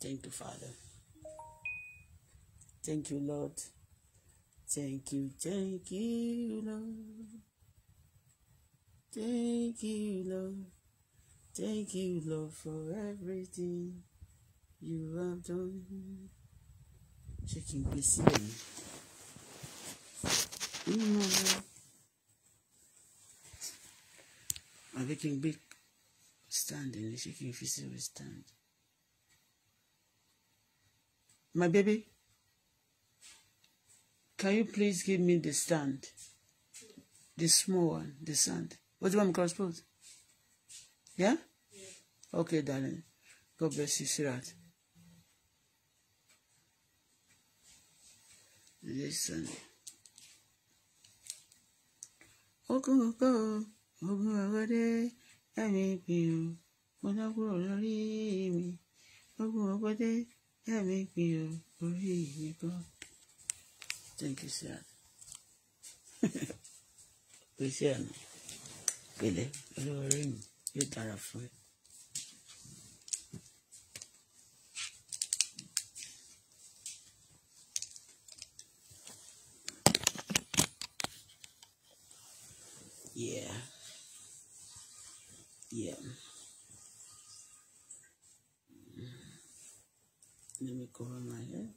Thank you, Father. Thank you, Lord. Thank you, thank you, Lord. Thank you, Lord. Thank you, Lord, for everything. you have done ṣé kí n gbé sílẹ̀ ni nínú ọ̀rọ̀ àbí kí n gbé stand ni ṣé kí n fi sílẹ̀ stand my baby can you please give me the stand the small one the stand what do you want me cross pose? yeah? yeah okay darling God bless you sweetheart. listen. ogun ọkọ ogun ọgọdẹ ẹmí pin o mo dákúrò lórí mi ogun ọgọdẹ ẹmí pin o orí mi kọ. thank you sir. pèsè àná pẹ̀lẹ́ olúwa rẹ mi yóò dára fún yeah let me go on my hair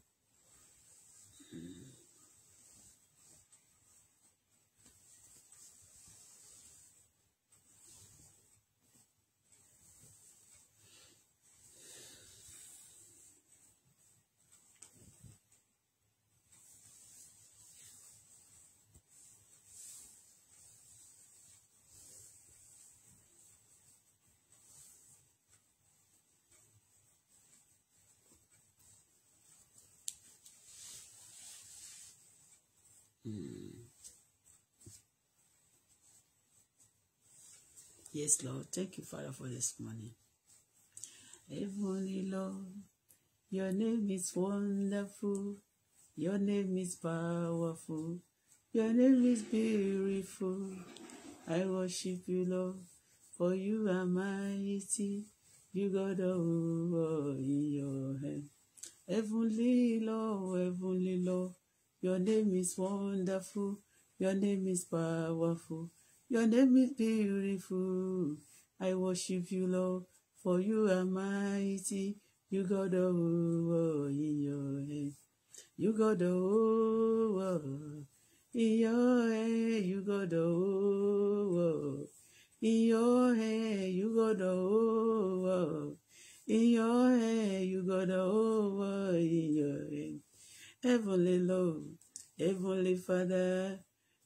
Yes, Lord. Thank you, Father, for this morning. Heavenly Lord, your name is wonderful. Your name is powerful. Your name is beautiful. I worship you, Lord, for you are mighty. You got all in your hand. Heavenly Lord, Heavenly Lord, your name is wonderful. Your name is powerful. Your name is beautiful. I worship you, Lord, for you are mighty. You got the whole world in your hand. You got the whole world in your hand. You got the whole world in your hand. You got the whole world in your hand. You got the whole world in your hand. Heavenly Lord, Heavenly Father,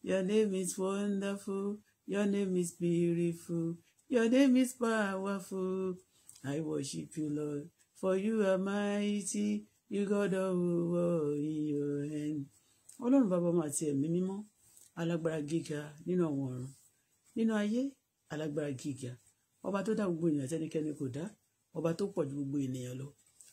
your name is wonderful. Your name is beautiful. Your name is powerful. I worship you, Lord, for you are mighty. You got the world in your hand. Ọlọ́run bàbá ọmọ àti ẹ̀mí mímọ́, alágbára gíga nínú àwọn ọ̀run, nínú ayé, alágbára gíga, ọba tó dá gbogbo ènìyàn tẹ́nikẹ́ni kò dá, ọba tó pọ̀ ju gbogbo ènìyàn lọ,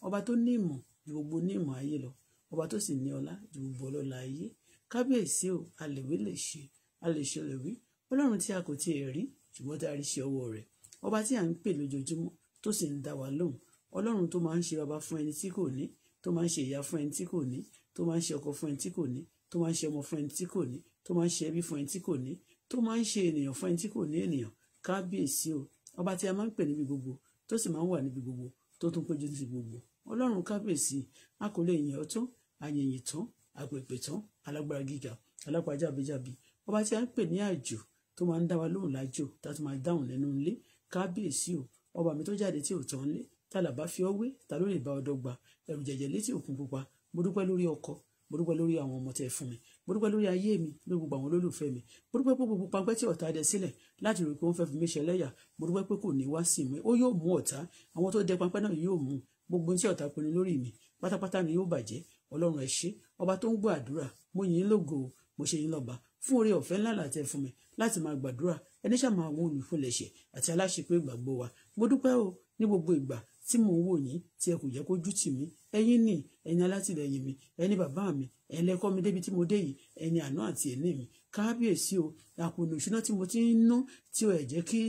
ọba tó ní ìmọ̀ ju gbogbo ní ìmọ̀ ayé lọ, ọba tó sì ní ọlá ju gbogbo ọlọ́lá ayé. Kábíyèsí o, a lè wí lè ṣe, a lè ṣe lè wí ọlọ́run tí a kò tiẹ̀ rí ṣùgbọ́n tá a rí ṣe ọwọ́ rẹ̀ ọba tí à ń pè lójoojúmọ́ tó sì ń dá wa lóhùn ọlọ́run tó máa ń ṣe baba fún ẹni tí kò ní tó máa ń ṣe ìyá fún ẹni tí kò ní tó máa ń ṣe ọkọ fún ẹni tí kò ní tó máa ń ṣe ọmọ fún ẹni tí kò ní tó máa ń ṣe ẹbí fún ẹni tí kò ní tó máa ń ṣe ènìyàn fún ẹni tí kò ní ènìyàn kábíyèsí o ọba tí a máa ń pè níbi gbogbo tó sì máa ń wà níbi gbogbo tó tún péjú níbi gbogbo ọlọ́run kábíyèsí a kò lè yìn ọ́ tán àyẹ̀yìn tán àpèpè tán alágbára gíga alápájábíjábí ọba tí a ń pè ní àjò tó máa ń dá wa lóhùn lájò tá a tún máa dáhùn lẹ́nu ńlé kábíyèsí o ọba mi tó jáde tí ò tán lé tàlàbá fi ọwé ta ló lè bá ọdọ gba ẹrù jẹjẹ létí òkun pupa mo dúpẹ́ lórí ọkọ mo dúpẹ́ lórí àwọn ọmọ tẹ́ fún mi mo dúpẹ́ lórí ayé mi lórí gbogbo àwọn olólùfẹ́ mi mo dúpẹ́ pé gbogbo pagbẹ́ tí ọ̀tá dẹ sílẹ̀ láti rò pé wọ́n fẹ́ fi mí ṣẹlẹ́yà mo dúpẹ́ pé kò ní wá sí mi ó yóò mú ọ̀tá àwọn tó dẹ pampẹ́ náà yóò mú gbogbo tí ọ̀tá pinnu lórí mi pátápátá ni yóò bàjẹ́ ọlọ́run ẹ ṣé ọba tó ń gbọ́ àdúrà mo yìn ín lógo mo ṣe yín lọ́ba fún oore ọ̀fẹ́ ńlá làtẹ fún mi láti máa gbàdúrà ẹni ṣáà máa wò mí fún lẹ́ṣẹ̀ àti aláṣepé ìgbàgbọ́ wa mo dúpẹ́ o ní gbogbo ìgbà tí mò ń wò yín tí ẹ kò jẹ́ kó jú tì mí ẹ̀yin ni ẹ̀yin alátìlẹyìn mi ẹni bàbá mi ẹ̀yin lẹ́kọ́ mi débi tí mo dé yìí ẹni àná àti ẹ̀ní mi kábíyèsí o àpònà òṣùná tí mo ti ń ná tí ẹ jẹ́ kí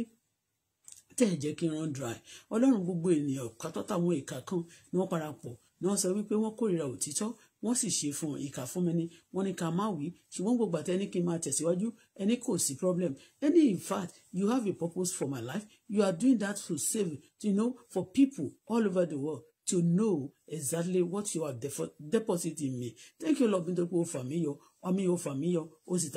tẹ́ ẹ kí run dry ọlọ́run gbogbo ènìyàn kátọ́ táwọn ìka kan ni wọ́n parapọ̀ ni wọ́n sọ wípé wọ́n kórìíra òtítọ́ wọ́n sì ṣe fún ọ ìkà fún mi ni wọ́n ní ká má wí ṣùgbọ́n gbogbo àti ẹni kí n máa tẹ̀síwájú ẹni kò sí problem any in fact you have a purpose for my life you are doing that to save to know for people all over the world to know exactly what you are depositing me thank you lord nítorí pé o fà mí yọ ọmí o fà mí yọ o sì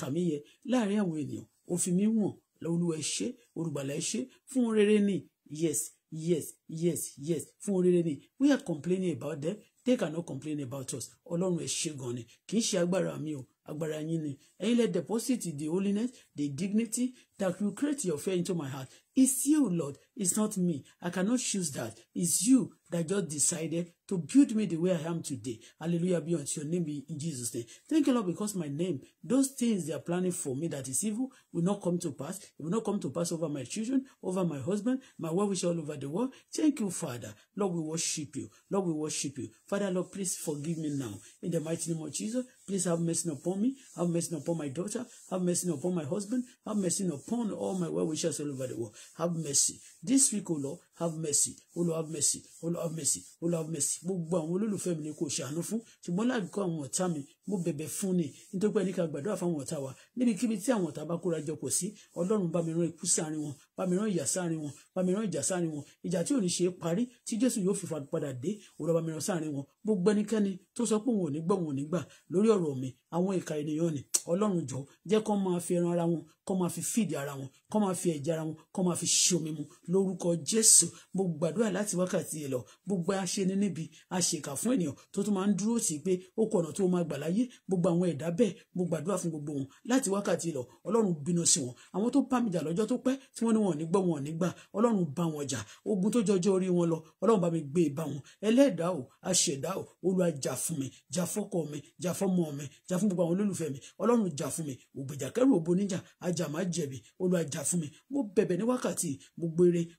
tà mí yẹ láàrin àwọn ènìyàn o fi mí wọ̀n olúwa ẹ ṣé olùgbàlà ẹ ṣé fún rere ni yes yes yes yes fún rere ni we are complaining about them they cannot complain about us ọlọ́run ẹ ṣé gan ni kì í ṣe agbára mi o agbára yín ni ẹ̀yin lẹ deposit the holiness the dignity that will create your fear into my heart. It's you, Lord. It's not me. I cannot choose that. It's you that just decided to build me the way I am today. Hallelujah. Be unto your name in Jesus' name. Thank you, Lord, because my name, those things they are planning for me that is evil will not come to pass. It will not come to pass over my children, over my husband, my well wishes all over the world. Thank you, Father. Lord, we worship you. Lord, we worship you. Father, Lord, please forgive me now. In the mighty name of Jesus, please have mercy upon me. Have mercy upon my daughter. Have mercy upon my husband. Have mercy upon upon all my well wishers all over the world. Have mercy this week o lọ have mercy o lọ have mercy o lọ have mercy o lọ have mercy gbogbo àwọn olólùfẹ́ mi ni kò ṣàánú fún ṣùgbọ́n láìkọ́ àwọn ọ̀tá mi mo bẹ̀bẹ̀ fún ni nítorí pé ẹnìkan gbàdúrà fáwọn ọ̀tá wa níbikíbi tí àwọn ọ̀tá bá kóra jọpọ̀ sí ọlọ́run bá mi rán ikú sáàrin wọn bá mi rán ìyà sáàrin wọn bá mi rán ìjà sáàrin wọn ìjà tí ò ní ṣe é parí tí jésù yóò fi padà dé òun bá mi rán sáàrin wọn gbogbo ẹnikẹ́ni tó sọ pé òun ò ní gbọ́ òun ò ní gbà lórí ọ̀rọ̀ mi àwọn ìka ènìyàn ni ọlọ́run jọ jẹ́ kó máa fi ẹran ara wọn kó máa fi fìdí ara wọn kó máa fi ẹ̀jẹ̀ ara wọn kó máa fi ṣomi mu lórúkọ jésù mo gbàdúrà láti wákàtí ẹ lọ gbogbo aṣeni níbi aṣèkà fún ènìyàn tó tún máa ń dúró tì í pé ó kọ ọ̀nà tó máa gbà láyé gbogbo àwọn ẹ̀dá bẹ́ẹ̀ mo gbàdúrà fún gbogbo wọn láti wákàtí lọ ọlọ́run bínú sí wọn àwọn tó bá mi jà lọ́jọ́ tó pẹ́ tí wọ́n ní wọn ò ní gbọ́ wọn ò ní gbà ọlọ́run bá wọn jà ogun tó jọjọ́ orí wọn lọ ọlọ́run bá mi gbé e bá wọn ẹlẹ́dàá o aṣẹ̀dá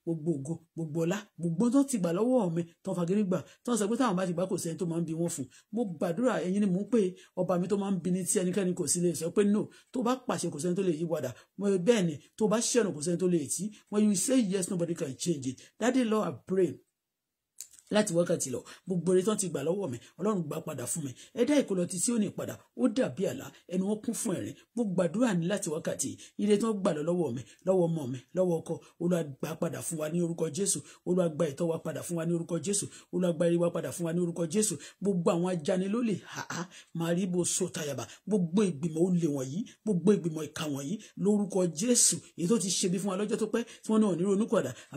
gbogbo ògo gbogbo ọlá gbogbo tó ti gbà lọ́wọ́ mi tó fagiri gbà tó sọ pé táwọn bá ti gbà kò sẹ́ni tó máa ń bi wọ́n fún mo gbàdúrà ẹ̀yin ni mò ń pè ọba mi tó máa ń bi ní tí ẹnikẹ́ni kò sí lè sọ pé no tó bá pàṣẹ kò sẹ́ni tó lè yí padà bẹ́ẹ̀ ni tó bá ṣẹ̀nù kò sẹ́ni tó lè tì when you say yes nobody can change it daddy Lord I pray láti wákàtí lọ gbogbo eré tán ti gbà lọ́wọ́ mi ọlọ́run gbà padà fún mi ẹ̀dá ìkọlọ ti tí ó ní padà ó dàbí àlá ẹnu wọn kún fún ẹ̀rín gbogbo àdúrà ní láti wákàtí ire tán gbà lọ lọ́wọ́ mi lọ́wọ́ ọmọ mi lọ́wọ́ ọkọ Olúwa gbà padà fún wa ní orúkọ jésù Olúwa gbà ìtọ́ wa padà fún wa ní orúkọ jésù Olúwa gbà ire wa padà fún wa ní orúkọ jésù gbogbo àwọn ajánilólè àá màríbo sotayaba gbogbo ìgbìmọ̀ olè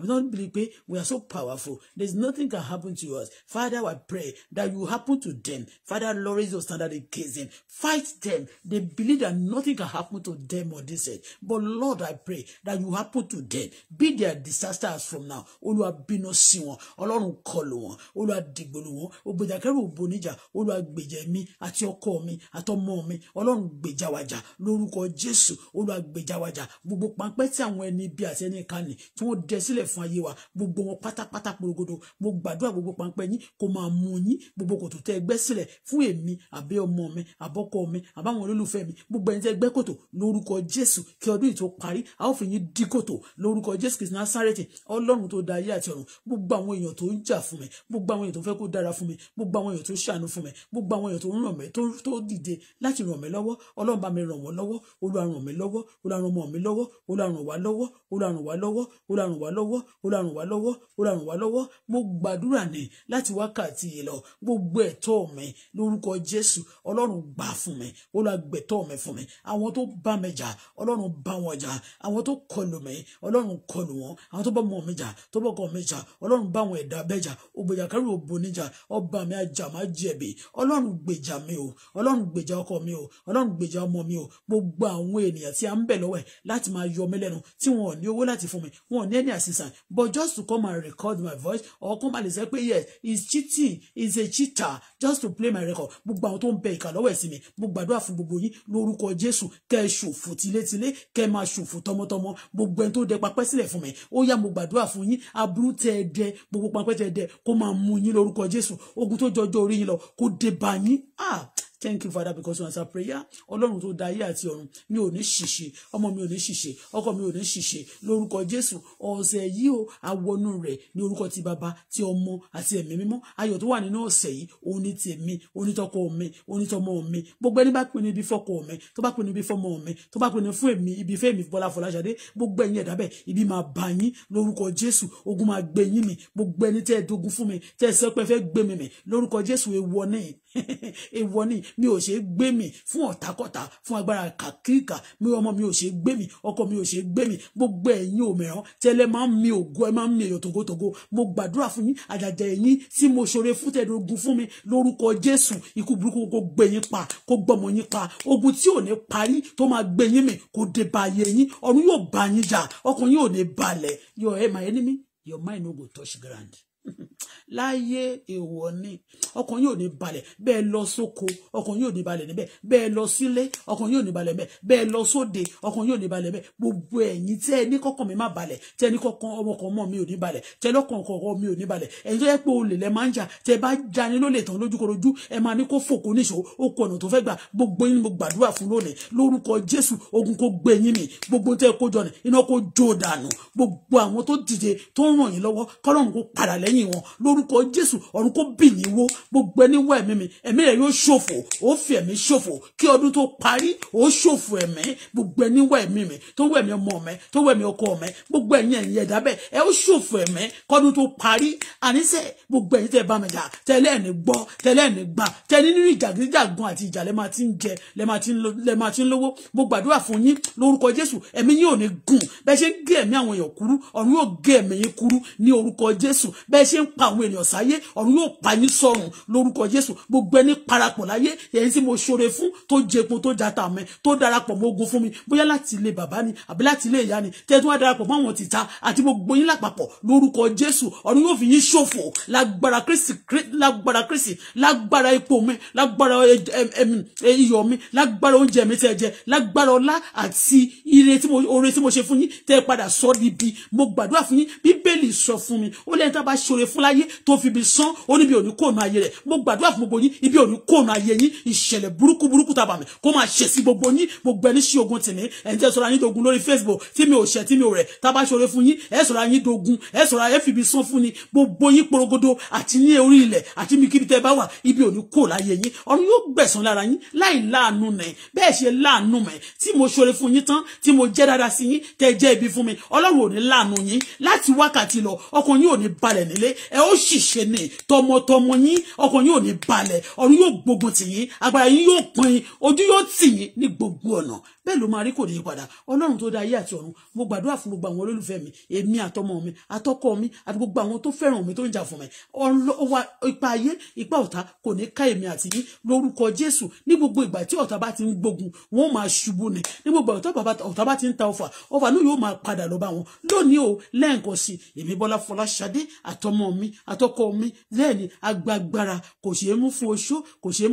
wọ̀nyí we are so powerful there is nothing can happen to us. Father, I pray that you happen to them. Father, Lord, raise your standard against them. Fight them. They believe that nothing can happen to them on this earth. But Lord, I pray that you happen to them. Be their disasters from now. Olúwa bínú sí wọn. Ọlọ́run kọlù wọn. Olúwa dìgbòlù wọn. Ògbèjà kẹ́rù ògbóníjà. Olúwa gbèjà èmi àti ọkọ mi àtọmọ mi. Ọlọ́run gbèjà wàjà lórúkọ Jésù. Olúwa gbèjà wàjà. Gbogbo pàǹpẹ́ tí àwọn ẹni bí àti ẹni kan nì tí wọ́n dẹ sílẹ̀ fún ayé wa. Gbogbo wọn pátápátá porogodo. Mo gbàdúrà gbàdúrà gbogbo pàǹpẹ́ yín kó máa mú yín gbogbo kòtò tẹ́ gbẹ́ sílẹ̀ fún èmi àbí ọmọ mi àbọ́kọ mi àbáwọn olólùfẹ́ mi gbogbo ẹni tẹ́ gbẹ́ kòtò lórúkọ Jésù kí ọdún yìí tó parí a ó fi yín dí kòtò lórúkọ Jésù Kristi Násárẹ́tì Ọlọ́run tó da ayé àti ọ̀run gbogbo àwọn èèyàn tó ń jà fún mi gbogbo àwọn èèyàn tó fẹ́ kó dára fún mi gbogbo àwọn èèyàn tó ṣàánú fún mi gbogbo àwọn èèyàn tó ràn mí tó dìde láti ràn mí àdúrà láti wákàtí yìí lọ gbogbo ẹ̀tọ́ mi lórúkọ Jésù Ọlọ́run gbà fún mi ó lọ gbẹ̀tọ́ mi fún mi àwọn tó bá mi jà Ọlọ́run bá wọn jà àwọn tó kọlù mi Ọlọ́run kọlù wọn àwọn tó bá mọ mi jà tó bọkọ mi jà Ọlọ́run bá wọn ẹ̀dá bẹ jà ògbèjà kẹrù òbò níjà ọba mi ajá má jẹ̀bi Ọlọ́run gbèjà mi o Ọlọ́run gbèjà ọkọ mi o Ọlọ́run gbèjà ọmọ mi o gbogbo àwọn ènìyàn tí a ń bẹ̀ lọ́wọ́ láti máa yọ mí lẹ́nu tí wọn ò ní owó láti fún mi wọn ò ní any assistance but just to come and record my voice or come and listen pé yes he's cheating he's a cheater just to play my record gbogbo àwọn tó ń bẹ ìkà lọ́wọ́ ẹ̀sìn mi mo gbàdúrà fún gbogbo yín lórúkọ jésù kẹ́ ẹ ṣòfò tilétilé kẹ́ ẹ máa ṣòfò tọmọtọmọ gbogbo ẹni tó dẹ papẹ́ sílẹ̀ fún mi ó yá mo gbàdúrà fún yín aburú tẹ ẹ dẹ gbogbo papẹ́ tẹ ẹ dẹ kó máa mú yín lórúkọ jésù ogun tó jọjọ orí yín lọ kó dé bá yín ah thank you father because you answer prayer ọlọ́run tó da ayé àti ọ̀run mi ò ní ṣìṣe ọmọ mi ò ní ṣìṣe ọkọ mi ò ní ṣìṣe lórúkọ jésù ọ̀sẹ̀ yìí o awọnú rẹ̀ ní orúkọ ti bàbá ti ọmọ àti ẹ̀mí mímọ́ ayọ̀ tó wà nínú ọ̀sẹ̀ yìí òun ni tèmi onítọkọ mi onítọmọ mi gbogbo ẹni bá pinnu ibi fọkọ mi tó bá pinnu ibi fọmọ mi tó bá pinnu fún èmi ibi fẹ́ mi bọ́lá fọláṣadé gbogbo ibi máa bà yín lórúkọ jésù ogun máa gbé yín mi gbogbo ẹni tẹ́ ẹ dogun fún mi tẹ́ ẹ sọ pé fẹ́ gbé mi mi èèwọ̀ ni mi ò ṣe gbé mi fún ọ̀tàkọ̀tà fún agbára kàkíkà mi ọmọ mi ò ṣe gbé mi ọkọ mi ò ṣe gbé mi gbogbo ẹ̀yin òmìrán tẹ́lẹ̀ máa ń mi ògo ẹ máa ń mi èèyàn tògótògó mo gbàdúrà fún yín àjàjà ẹ̀yin tí mo ṣoore fún tẹ̀dógún fún mi lórúkọ Jésù ikú burúkú kó gbé yín pa kó gbọmọ yín pa ogun tí ò ní parí tó máa gbé yín mì kó dé ba ayé yín ọ̀run yóò bá yín jà ọkàn yín ní balẹ̀ my enemy your mind no go touch ground láyé èèwọ̀ ni ọkàn yóò ní balẹ̀ bẹ́ẹ̀ lọ sóko ọkàn yóò ní balẹ̀ níbẹ̀ bẹ́ẹ̀ lọ sílé ọkàn yóò ní balẹ̀ níbẹ̀ bẹ́ẹ̀ lọ sóde ọkàn yóò ní balẹ̀ níbẹ̀ gbogbo ẹ̀yin tẹ́ ẹ ní kọ́kàn mi má balẹ̀ tẹ́ ẹ ní kọ́kàn ọmọ kan mọ́ mi ò ní balẹ̀ tẹ́ lọ́kàn kọ̀ọ̀kan mi ò ní balẹ̀ ẹ̀yin tó yẹ pé olè lẹ máa ń jà tẹ́ bá jani ló lè tán lójúkorojú ẹ máa ní kó fòkó kó mi gbogbo tẹ́ kó jọ ní iná kó jó dànù gbogbo àwọn tó dìde tó ń ràn yín lẹ́yìn wọn lórúkọ Jésù ọ̀run kó bì yín wó gbogbo ẹni wọ ẹ̀mí mi ẹ̀mí rẹ̀ yóò ṣòfò ó fi ẹ̀mí ṣòfò kí ọdún tó parí ó ṣòfò ẹ̀mí gbogbo ẹni wọ ẹ̀mí mi tó wọ ẹ̀mí ọmọ mi tó wọ ẹ̀mí ọkọ mi gbogbo ẹ̀yin ẹ̀yin ẹ̀dá bẹ́ẹ̀ ẹ ó ṣòfò ẹ̀mí kọ́dún tó parí àníṣe gbogbo ẹ̀yin tẹ́ bá mi jà tẹ́lẹ̀ ní gbọ́ tẹ́lẹ̀ ní gbà tẹ́ni nínú ìjàgídíjàgan àti ìjà lẹ́ ti ń jẹ lẹ́ bẹ́ẹ̀ ṣe ń pa àwọn ènìyàn sáyé ọ̀run yóò pa yín sọ̀rùn lórúkọ Jésù gbogbo ẹni parapọ̀ láyé èyí tí mo ṣoore fún tó jẹpun tó jata mẹ́ tó darapọ̀ mọ́ ogun fún mi bóyá láti ilé bàbá ni àbí láti ilé ìyá ni tẹ́ wọ́n darapọ̀ mọ́ àwọn tìta àti gbogbo yín lápapọ̀ lórúkọ Jésù ọ̀run yóò fi yín ṣòfò lágbára Kristi lágbára Kristi lágbára epo mi lágbára iyọ̀ mi lágbára oúnjẹ mi tẹ́ jẹ lágbára ọlá àti ire tí mo ṣe fún yín tẹ́ padà sọ níbi mo gbàdúrà fún yín bíbélì sọ fún mi ó lẹ́yìn tá a bá ṣ ṣoore fún láyé tó fi ibi sán ó níbi òní kóònù ayé rẹ̀ mo gbàdúrà fún gbogbo yín ibi òní kóònù ayé yín ìṣẹ̀lẹ̀ burúkú burúkú tàbàmì kó máa ṣe sí gbogbo yín mo gbẹ ní sí ogun tìní ẹ̀ ń jẹ́ sọ́ra dogun lórí Facebook tí mi ò ṣẹ̀ tí mi ò rẹ̀ tá a bá ṣoore fún yín ẹ̀ sọ́ra yín dogun ẹ̀ sọ́ra ẹ̀ fi ibi sán fún ni gbogbo yín porogodo àti ní orí ilẹ̀ àti mi kíbi tẹ́ bá wà ibi òní kóònù ayé yín ọ̀run yóò gbẹ̀sán lára yín láì láàánú nẹ̀ bẹ́ẹ̀ ṣe láàánú mẹ́ tí mo ṣoore fún yín tán tí mo jẹ́ dáadáa sí yín tẹ́ jẹ́ ibi fún mi ọlọ́run ò ní láàánú yín láti wákàtí lọ ọkàn yín ò ní balẹ̀ ní tẹ̀lé ẹ ó ṣìṣe ni tọmọtọmọ yín ọkàn yóò ní balẹ̀ ọ̀run yóò gbógun tì yín agbára yín yóò pin ojú yóò tì yín ní gbogbo ọ̀nà bẹ́ẹ̀ ló máa rí kò ní í padà ọlọ́run tó dá ayé àti ọ̀run mo gbàdúrà fún gbogbo àwọn olólùfẹ́ mi èmi àtọmọ mi àtọkọ mi àti gbogbo àwọn tó fẹ́ràn mi tó ń jà fún mi ọwọ́ ipa ayé ipa ọ̀tá kò ní ká èmi àti yín lórúkọ jésù ní gbogbo ìgbà tí ọ̀tá bá ti ń gbógun wọn ò máa ṣubú ni ní gbogbo ọ̀tá bá ti ń ta ọfà ọfà náà yóò máa padà lọ bá wọn lónìí o lẹ́ǹkan sí èmi bọ́lá fọláṣadé àtọmọ mi àtọkọ mi lẹ́ẹ̀ni agbagbára kò ṣeé mú fún oṣó kò ṣeé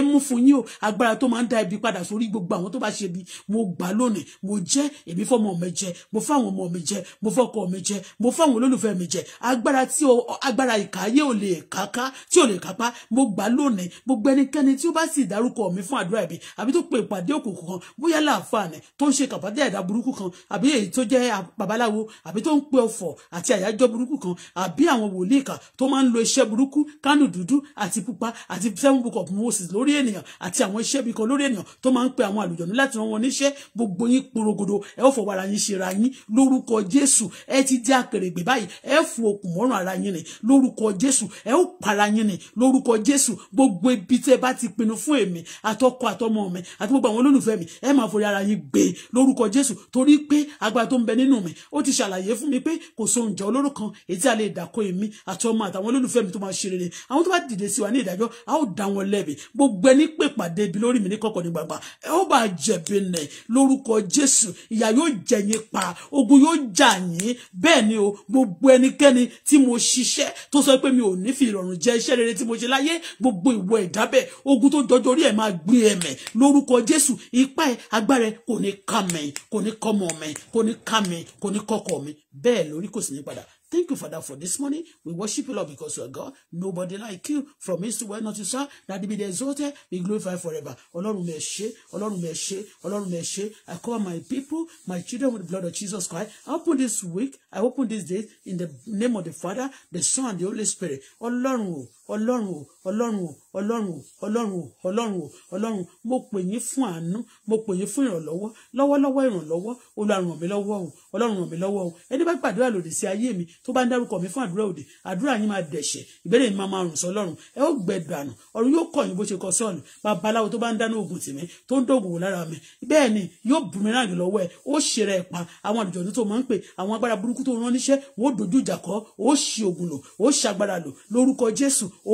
mú ní o agbára tó máa ń dá ibi padà sórí gbogbo àwọn tó bá ṣe bí mo gbà lónìí mo jẹ èmi fọmọ mi jẹ mo fáwọn ọmọ mi jẹ mo fọkọ mi jẹ mo fáwọn olólùfẹ́ mi jẹ agbára tí o agbára ìkáyé ò lè káká tí ò lè kápá mo gbà lónìí gbogbo ẹnikẹ́ni tí ó bá sì dárúkọ mi fún àdúrà ibi àbí tó pe ìpàdé òkùnkùn kan bóyá láàfààní tó ń ṣe kàpàdé àdá burúkú kan àbí èyí tó jẹ́ babaláwo àbí tó ń pe ọ̀fọ̀ àti àyájọ́ burúkú kan àbí àwọn wòlíì tó máa ń lo iṣẹ́ burúkú kánù dúdú àti pupa àti seven book of moses lórí ènìyàn àti àwọn iṣẹ́ bí kan lórí ènìyàn tó máa ń pe àwọn àlùjọ̀nú láti rán wọn níṣẹ́ gbogbo yín porogodo ẹ ó fọwọ́ ara yín ṣe ra yín lórúkọ Jésù ẹ ti di àpèrègbè báyìí ẹ fò okùn mọ́rùn ara yín ni lórúkọ Jésù ẹ ó para yín ni lórúkọ Jésù gbogbo ibi tẹ́ bá ti pinnu fún èmi àtọkọ àtọmọ mi àti gbogbo àwọn olólùfẹ́ mi ẹ máa forí ara yín gbé lórúkọ Jésù torí pé agbára tó ń bẹ nínú mi ó ti ṣàlàyé fún mi pé kò sóúnjẹ olóró kan èyí tí a lè dàkọ èmi àtọmọ àtàwọn olólùfẹ́ mi tó máa ṣe rere àwọn tó bá dìde sí wa ní ìdájọ́ a ó dá wọn lẹ́bi gbogbo ẹni p pè pàdé ibi lórí mi ní kọ̀kọ̀ ní gbangba ẹ ó bá jẹ̀bi nẹ̀ lórúkọ Jésù ìyà yóò jẹ pa ogun yóò jà yín bẹ́ẹ̀ ni o gbogbo ẹnikẹ́ni tí mo ṣiṣẹ́ tó sọ pé mi ò ní fi ìrọ̀rùn jẹ iṣẹ́ rere tí mo ṣe láyé gbogbo ìwọ ìdábẹ̀ ogun tó dọjọ́ orí ẹ̀ máa gbé ẹ̀mẹ̀ lórúkọ Jésù ipá ẹ̀ agbára ẹ̀ kò ní kà kò ní kọ́mọ mi kò ní kà kò ní kọ́kọ mi bẹ́ẹ̀ lórí kò sì ní padà Thank you, Father, for this morning. We worship you, Lord, because you are God. Nobody like you. From east to west, not to south. That be the exalted, be glorified forever. Ọlọ́run mi ẹ ṣé, Ọlọ́run mi ẹ ṣé, Ọlọ́run mi ẹ ṣé. I call my people, my children with the blood of Jesus Christ. I open this week, I open this day in the name of the Father, the Son, and the Holy Spirit. Ọlọ́run o, Ọlọ́run o, Ọlọ́run o, ọlọ́run o ọlọ́run o ọlọ́run o ọlọ́run mo pè yín fún àánú mo pè yín fún ìrànlọ́wọ́ lọ́wọ́lọ́wọ́ ìrànlọ́wọ́ Olúwa ràn mí lọ́wọ́ o ọlọ́run ràn mí lọ́wọ́ o ẹni bá gbàdúrà lòdì sí ayé mi tó bá ń dárúkọ mi fún àdúrà òdì àdúrà yín máa dẹ̀ṣẹ̀ ìbéèrè mi máa rùn sọlọ́run ẹ ó gbẹ dànù ọ̀run yóò kọ̀ yín bó ṣe kọ sọ́ọ̀lù babaláwo tó bá ń dáná oògùn tì mí tó ń dògùn lára mi bẹ́ẹ̀ ni yóò bù mí ráàyè lọ́wọ́ ẹ ó ṣe rẹ̀ pa àwọn àdìjọ́dún tó máa ń pè àwọn agbára burúkú tó rán níṣẹ́ wọ́n dojú ìjà kọ́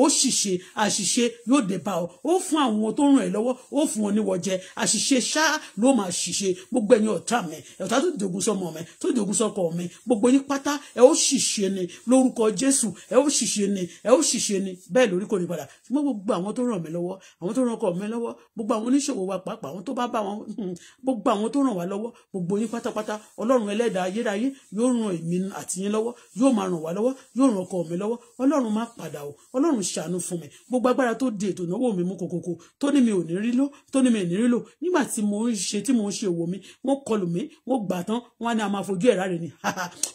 ó ṣi yóò dé bá ọ ó fún àwọn tó ràn ẹ́ lọ́wọ́ ó fún wọn níwọ̀ jẹ àṣìṣe ṣá ló máa ṣìṣe gbogbo ẹ̀yin ọ̀tá mi ọ̀tá tó dògùn sọmọ mi tó dògùn sọkọ mi gbogbo yín pátá ẹ ó ṣìṣe ni lórúkọ Jésù ẹ ó ṣìṣe ni ẹ ó ṣìṣe ni bẹ́ẹ̀ lórí kò ní padà ṣùgbọ́n gbogbo àwọn tó ràn mí lọ́wọ́ àwọn tó ràn ọkọ mi lọ́wọ́ gbogbo àwọn oníṣòwò wa pàápàá àwọn tó bá bá wọn hmm, gbogbo àwọn tó ràn wá lọ́wọ́ gbogbo yín pátápátá Ọlọ́run ẹlẹ́dàá ayérayé yóò ràn èmi àti yín lọ́wọ́ yóò máa ràn wá lọ́wọ́ yóò ràn ọkọ mi lọ́wọ́ Ọlọ́run má padà o Ọlọ́run ṣàánú fún mi gbogbo agbára tó di ètò ìnáwó mi mú kokoko tó ní mi ò ní rí lò tó ní mi ò ní rí lò nígbà tí mo ń ṣe tí mo ń ṣe òwò mi wọ́n kọlù mí wọ́n gbà tán wọ́n á ní a máa fojú ẹ̀rá rẹ̀ ni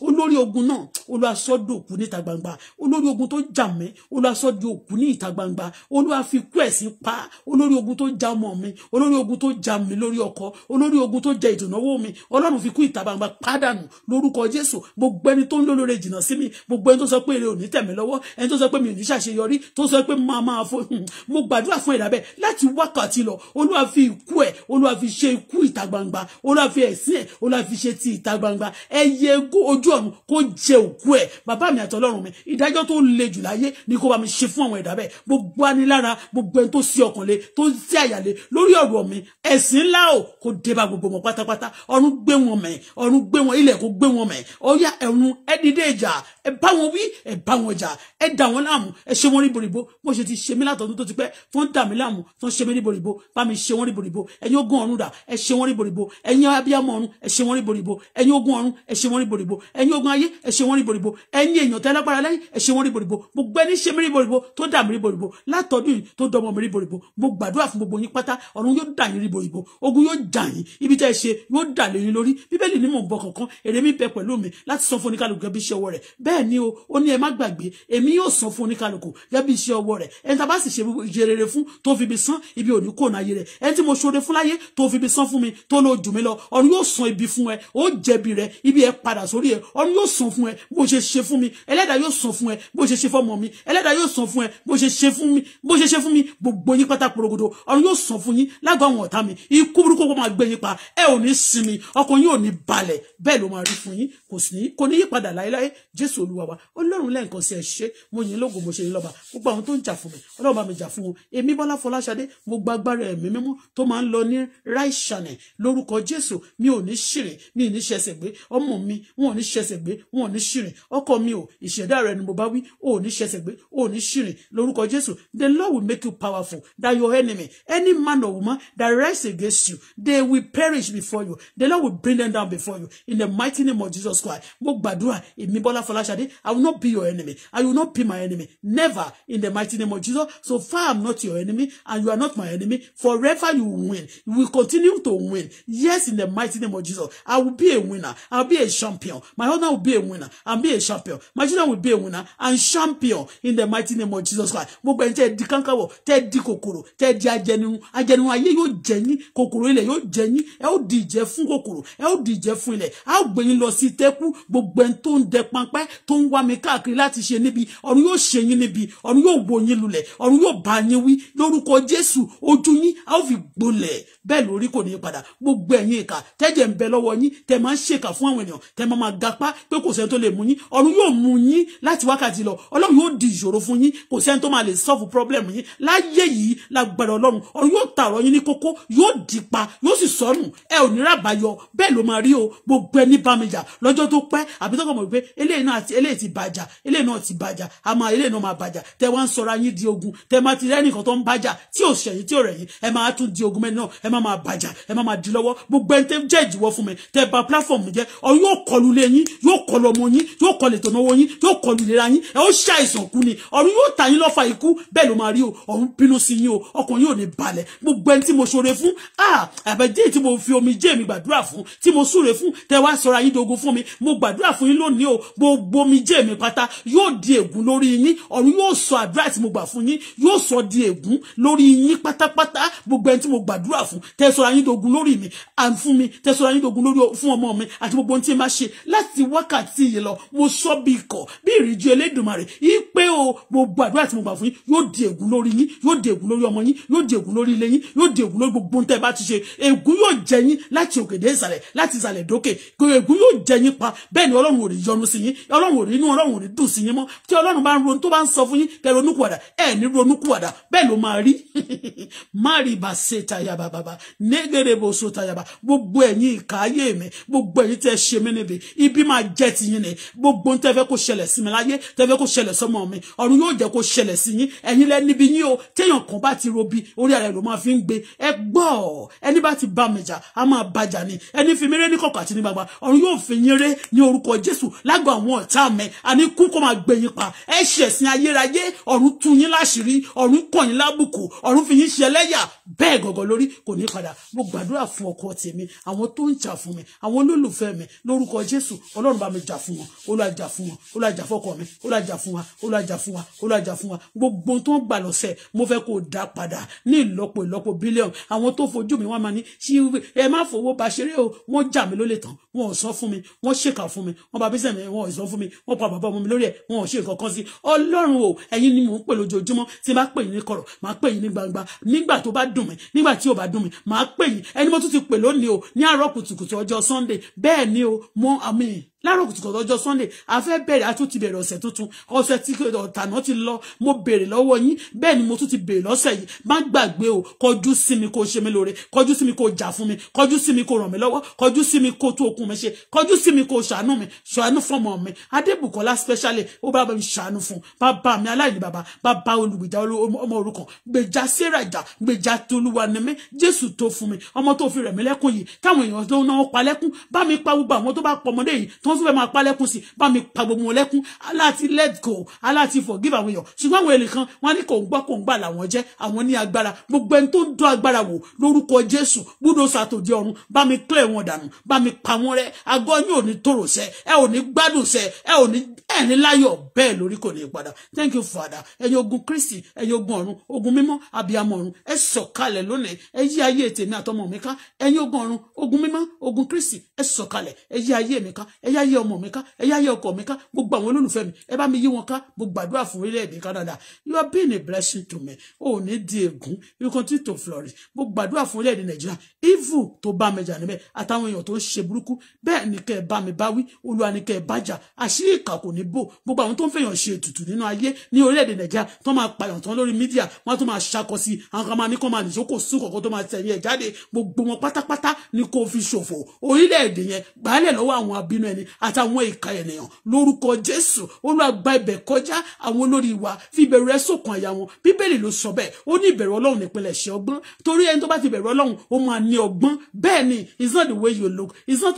olórí ogun náà olùwàsọ́dọ̀ òkú ní ìta gbangba olórí ogun tó jà mí olùwàsọ́dọ̀ òkú ní ìta gbangba olúwa fi kú ẹ̀sìn pa olórí ogun tó jà ọmọ mi olórí ogun tó jà mí lórí ọkọ olórí ogun tó jà ètò ìnáwó mi ọlọ́run fi ìta gbangba pádànù lórúkọ jésù gbogbo ẹni tó ń lólórí jìnnà sí mi gbogbo ẹni tó sọ pé èrè ò ní tẹ̀mí lọ́wọ́ ẹni tó sọ pé mi ò ní ṣàṣeyọrí tó sọ pé máa máa fún Hmm. mo gbàdúrà fún ẹ̀dá bẹ́ẹ̀ láti wákàtí lọ olúwa fi ikú ẹ̀ olúwa fi ṣe ikú ìta gbangba olúwa fi ẹ̀sìn ẹ̀ olúwa fi ṣe ti ìta gbangba ẹyẹ ojú ọ̀run kó jẹ òkú ẹ̀ bàbá mi àtọlọ́run mi ìdájọ́ tó le jù láyé ni kó bá mi ṣe fún àwọn ẹ̀dá bẹ́ẹ̀ gbogbo anilára gbogbo ẹni tó sí ọkàn le tó sí àyàlé lórí ọ̀rọ̀ mi ẹ̀sìn ńlá ò kó dé bá gbogbo wọn pátápátá ọ̀run gbé wọn mẹ́ ọ̀run gbé wọn ilẹ̀ kó gbé wọn mẹ́ ọ̀yà ẹ̀run ẹ̀dídé ìjà ẹ bá wọn wí ẹ bá wọn jà ẹ dà wọn láàmú ẹ ṣe wọn ríboríbo bó ṣe ti ṣe mí látọ̀ àtọdún tó ti pẹ́ tó ń dà mí láàmú tó ń ṣe mí ríboríbo bá mi ṣe wọ́n ríboríbo ẹ̀yin ogun ọ̀run dà ẹ ṣe wọ́n ríboríbo ẹ̀yin abiyamọ ọ̀run ẹ ṣe wọ́n ríboríbo ẹ̀yin ogun ọ̀run ẹ ṣe wọ́n ríboríbo ẹ̀yin ogun ayé ẹ ṣe wọ́n ríboríbo ẹ̀yin èèyàn tẹ́ lágbára lẹ́yìn ẹ ṣe wọ́n ríboríbo gbogbo ẹni ṣe mí ríboríbo tó dà mo gbàdúrà fún gbogbo yín pátá ọ̀run yóò dà yín ríboríbo ogun yóò jà yín ibi tẹ́ ẹ ṣe yóò dà lé yín lórí bíbélì ní mò ń bọ kankan èrè mi bẹ pẹ̀lú mi láti san fún oníkàlùkù gẹ́bí iṣẹ́ ọwọ́ rẹ̀ bẹ́ẹ̀ ni o ó ní ẹ má gbàgbé èmi yóò san fún oníkàlùkù ṣe iṣẹ́ rere fún fi bi san ibi òní kò náà yé rẹ̀ ẹni tí mo ṣoore fún láyé tó fi bi san fún mi tó lọ jù mí lọ ọ̀run yóò san ibi fún ẹ ó jẹ̀bi rẹ̀ ibi ẹ padà sórí ẹ ọ̀run yóò san fún ẹ bó ṣe ṣe fún mi ẹlẹ́dàá yóò san fún ẹ bó ṣe ṣe fọ́mọ mi ẹlẹ́dàá yóò san fún ẹ bó ṣe ṣe fún mi bó ṣe ṣe fún mi gbogbo yín pátá porogodo ọ̀run yóò san fún yín lágọ̀ọ́ àwọn ọ̀tá mi ikú burúkú kó máa gbé yín pa ẹ ò ní sinmi ọkàn yín ò ní balẹ̀ bẹ́ẹ̀ ló máa rí fún yín kò sí kò ní yípadà láéláé jésù olúwa wa ọlọ́run lẹ́ǹkan sí ẹ ṣe mo yìn lógo mo ṣe lọ́ba gbogbo àwọn tó ń jà fún mi ọlọ́run bá fún wọn èmi bọ́lá fọláṣadé mo gba agbára ẹ̀mí mímú tó máa ń lọ ní ráìṣànẹ̀ lórúkọ jésù mi ò ní ṣìrìn mi ò ní gbé ọmọ mi wọn ò ní ṣẹsẹ̀ gbé wọn ò ní ṣìrìn ọkọ mi ò ìṣẹ̀dá rẹ ni mo bá wí ò ní ṣẹsẹ̀ gbé ò ní ṣìrìn lórúkọ jésù the lord will make you powerful that your enemy any man or woman that rise against you they will perish before you the lord will bring them down before you in the mighty name of jesus christ mo gbàdúrà èmi bọ́lá fọláṣadé i will not be your enemy i will not be my enemy never in the mighty name of jesus So far, I'm not your enemy, and you are not my enemy. Forever you win. You will continue to win. Yes, in the mighty name of Jesus, I will be a winner. I'll be a champion. My honor will be a winner. I'll be a champion. My children will be a winner and champion in the mighty name of Jesus Christ. Gbogbo ẹni tẹ́ di kánkáwọ̀, tẹ́ di kòkòrò, tẹ́ di ajẹnirun. Ajẹnirun ayé yóò jẹ yín, kòkòrò ilẹ̀ yóò jẹ yín. Ẹ ó di ìjẹ fún kòkòrò, ẹ ó di ìjẹ fún ilẹ̀. A ó gbé yín lọ sí tẹ́kú. Gbogbo ẹni tó ń dẹ pańpẹ́, tó ń wá mi káàkiri láti ṣe níbi. Ọ̀run yóò ṣe yín níbi. Ọ̀run yóò wó yín lulẹ̀. Ọ̀run ọ̀run yóò bá yín wí lórúkọ Jésù ojú yín a ó fi gbolẹ̀ bẹ́ẹ̀ lórí kò ní padà gbogbo ẹ̀yin ìka tẹ́jẹ̀ ń bẹ lọ́wọ́ yín tẹ́ máa ń ṣèkà fún àwọn ènìyàn tẹ́ máa máa gapá pé kò sẹ́ni tó lè mú yín ọ̀run yóò mú yín láti wákàtí lọ ọlọ́run yóò di ìṣòro fún yín kò sẹ́ni tó máa lè sọ́ọ̀fù problem yín láyé yìí lágbára ọlọ́run ọ̀run yóò tààrọ̀ yín ní kókó yóò dì pa yóò sì sọnù ẹ ò ní rábàáyọ bẹ́ẹ̀ ló máa rí o gbogbo ẹni bá mi jà lọ́jọ́ tó pẹ́ àbí tó kàn mọ̀ pé eléyìí náà ti bàjà eléyìí náà ti bàjà àmọ́ eléyìí náà máa bàjà tẹ́ wá ń sọra yín di ogun tẹ máa ti rẹ́nìkan tó ń bájà tí ò ṣẹ̀yìn tí ò rẹ̀yìn ẹ máa tún di ogun mẹ́rin náà ẹ máa máa bàjà ẹ máa máa di lọ́wọ́ gbogbo ẹni tẹ́ jẹ́ ìdíwọ́ fún mi tẹ́ ba platform jẹ́ ọ yóò kọlu ilé yín yóò kọlu ọmọ yín yóò kọlu ètò ìnáwó yín yóò kọlu ìlera yín ẹ ó ṣe àìsàn kú ni ọ̀run yóò tà yín lọ́fà ikú bẹ́ẹ̀ ló máa rí o ọ̀run bínú sí yín o ọkàn yóò ní balẹ̀ gbogbo ẹni tí mo ṣoore fún ah àbẹ̀jẹ́ tí mo fi omi jẹ́ mi gbàdúrà fún tí mo súre fún tẹ́ wá sọra yín dogun fún mi mo gbàdúrà fún yín lónìí o gbogbo omi jẹ́ mi pátá yóò di ègún lórí yín ọ̀run yóò sọ àdúrà mo gbà fún yín yóò sọ di ègún lórí yín pátápátá gbogbo ẹni tí mo gbàdúrà fún tẹsọ ayín dogun lórí mi àn fún mi tẹsọ ayín dogun lórí fún ọmọ mi àti gbogbo ohun tí ẹ máa ṣe láti wákàtí yìí lọ mo sọ bí ikọ̀ bí ìrìnjú Elédùmarè yìí pé o gbogbo àdúrà tí mo gbà fún yín yóò di ègún lórí yín yóò di ègún lórí ọmọ yín yóò di ègún lórí ilé yín yóò di ègún lórí gbogbo ohun tẹ bá ti ṣe ègún yóò jẹ yín láti òkè pa bẹ́ẹ̀ ni ọlọ́run ò rí yọ́nú sí yín ọlọ́run ò rí inú ọlọ́run ò rí dùn sí yín mọ́ tí ọlọ́run bá ń ronú tó bá ń sọ fún yín kẹrọnú padà ẹ ní ro ronúkúwàdà bẹ́ẹ̀ ló máa rí mari bàṣẹ negere bàbá nẹgẹrẹbọ ya ba, gbogbo ẹ̀yin ìkààyè mi gbogbo ẹ̀yin tẹ́ ṣe mí níbi ibi ma jẹ́ ti yín ni gbogbo tẹ́ fẹ́ kó ṣẹlẹ̀ sí mi láyé tẹ́ fẹ́ kó ṣẹlẹ̀ sọ́mọ mi ọ̀run yóò jẹ́ kó ṣẹlẹ̀ sí yín ẹ̀yin lẹ níbi yín o téèyàn kan bá ti robi orí ara ẹ̀ ló máa fi ń gbé ẹ gbọ́ ẹni bá ti bá mi jà á máa ni ẹni fi méré ní kọ̀kọ̀ àti ní gbàgbà ọ̀run yóò fi yín ré ní orúkọ Jésù lágbo àwọn ọ̀tá mi àní kú kó máa gbẹ̀yìn pa ẹ ṣẹ̀sìn ayérayé ọ̀run tú yín láṣìírí bí ọ̀run kàn yín lábùkù ọ̀run fi yín ṣe ẹlẹ́yà bẹ́ẹ̀ gọ̀gọ̀ lórí kò ní padà mo gbàdúrà fún ọkọ tèmi àwọn tó ń jà fún mi àwọn olólùfẹ́ mi lórúkọ Jésù Ọlọ́run bá mi jà fún wọn Olúwa jà fún wọn Olúwa jà fọ́kọ mi Olúwa jà fún wa Olúwa jà fún wa Olúwa fún wa gbogbo tó ń gbà lọ́sẹ̀ mo fẹ́ kó dá padà ní ìlọ́po ìlọ́po bílíọ̀nù àwọn tó fojú mi wá máa ní ẹ má fowó ba ṣeré o wọ́n jà mí lólè tán wọn sọ fún mi wọ́n ṣèkà fún mi wọ́n bá mi wọn sọ fún mi wọ́n pa bàbá ọmọ mi lórí ẹ̀ wọn ṣe nǹkan kan sí Ọlọ́run o ẹ̀yin ni mò ń pè lójoojúmọ́ tí n pè yín ní kọ̀rọ̀ màá pè yín ní gbangba nígbà tó bá d dùn mí nígbà tí ò bá dùn mí màá pè yín ẹni mo tún ti pè lónìí o ní àárọ̀ kùtùkùtù ọjọ́ Sunday bẹ́ẹ̀ ni o mo àmì láàárọ̀ kùtùkùtù ọjọ́ sunday a fẹ́ bẹ̀rẹ̀ a tún ti bẹ̀rẹ̀ ọ̀sẹ̀ tuntun ọ̀sẹ̀ tí ọ̀tàná ti lọ mo bèrè lọ́wọ́ yín bẹ́ẹ̀ ni mo tún ti bèrè lọ́sẹ̀ yìí má gbàgbé o kọjú sí mi kó ṣe mí lóore kọjú sí mi kó jà fún mi kọjú sí mi kó ràn mí lọ́wọ́ kọjú sí mi kó tó okun mi ṣe kọjú sí mi kó ṣàánú mi ṣàánú fún ọmọ mi adébùkọ́lá specially ó bá mi ṣàánú fún bàbá mi aláìní bàbá bàbá olùgbèjà ọmọ òrukàn gbèjà sẹ́ràjà gbèjà tolúwa ni mí jésù tó fún mi ọmọ tó fi rẹ̀ mí lẹ́kùn yìí mi pa gbogbo àwọn tó bá pọ̀ wọ́n tún fẹ́ máa pa lẹ́kún sí bá mi pa gbogbo wọn lẹ́kún aláti let go aláti forgive àwọn Yo, ṣùgbọ́n àwọn èèyàn kan wọ́n ní kò ń gbọ́ kò ń gbà làwọn jẹ́ àwọn ní agbára gbogbo ẹni tó ń dún agbára wò lórúkọ Jésù gbúdọ̀ sàtòdì ọ̀run bá mi clear wọn dànù bá mi pa wọn rẹ́ agọ́ yóò ní tòrò sẹ́ ẹ ò ní gbádùn sẹ́ ẹ bẹ́ẹ̀ láyọ̀ bẹ́ẹ̀ lórí kò ní padà thank you father ẹ̀yin ogun kristi ẹ̀yin ogun ọ̀run ogun mímọ́ abiyamọ ọ̀run ẹ sọ̀kalẹ̀ lónìí ẹ yí ayé tèmi àtọmọ mi ká ẹ̀yin ogun ọ̀run ogun mímọ́ ogun kristi ẹ sọ̀kalẹ̀ ẹ yí ayé mi ká ẹ yí ayé ọmọ mi ká ẹ yí ayé ọkọ mi ká gbogbo àwọn olólùfẹ́ mi ẹ bá mi yí wọn ká mo gbàdúrà fún orílẹ̀-èdè Canada you have been a blessing to me o ò ní di ègún you continue to flourish mo gbàdúrà fún orílẹ̀-èdè Nàìjíríà evil tó bá mi jà níbẹ̀ àtàwọn èèyàn tó ń ṣe burúkú bẹ́ẹ̀ ni ni Igbo gbogbo àwọn tó ń fẹ̀yàn ṣe ètùtù nínú ayé ní orílẹ̀-èdè Nàìjíríà tó máa pààyàn tán lórí mídíà wọ́n á máa ṣakọ sí àwọn kan máa ní kó máa nìṣó kò sún kọ̀ọ̀kan tó máa tẹ̀yìn ẹ̀ jáde gbogbo wọn pátápátá ni kò fi ṣòfò orílẹ̀-èdè yẹn gbàálẹ̀ lọ́wọ́ àwọn abínú ẹni àtàwọn ìka ènìyàn lórúkọ Jésù olùgbà ibẹ̀ kọjá àwọn olórí ìwà fi ìbẹ̀rù rẹ sókun àyà wọn Bíbélì ló sọ bẹ́ẹ̀ ó ní ìbẹ̀rù Ọlọ́run nípìnlẹ̀ ṣe ọgbọ́n torí ẹni tó bá ti bẹ̀rù Ọlọ́run ó máa ní ọgbọ́n bẹ́ẹ̀ ni it's not the way you look it's not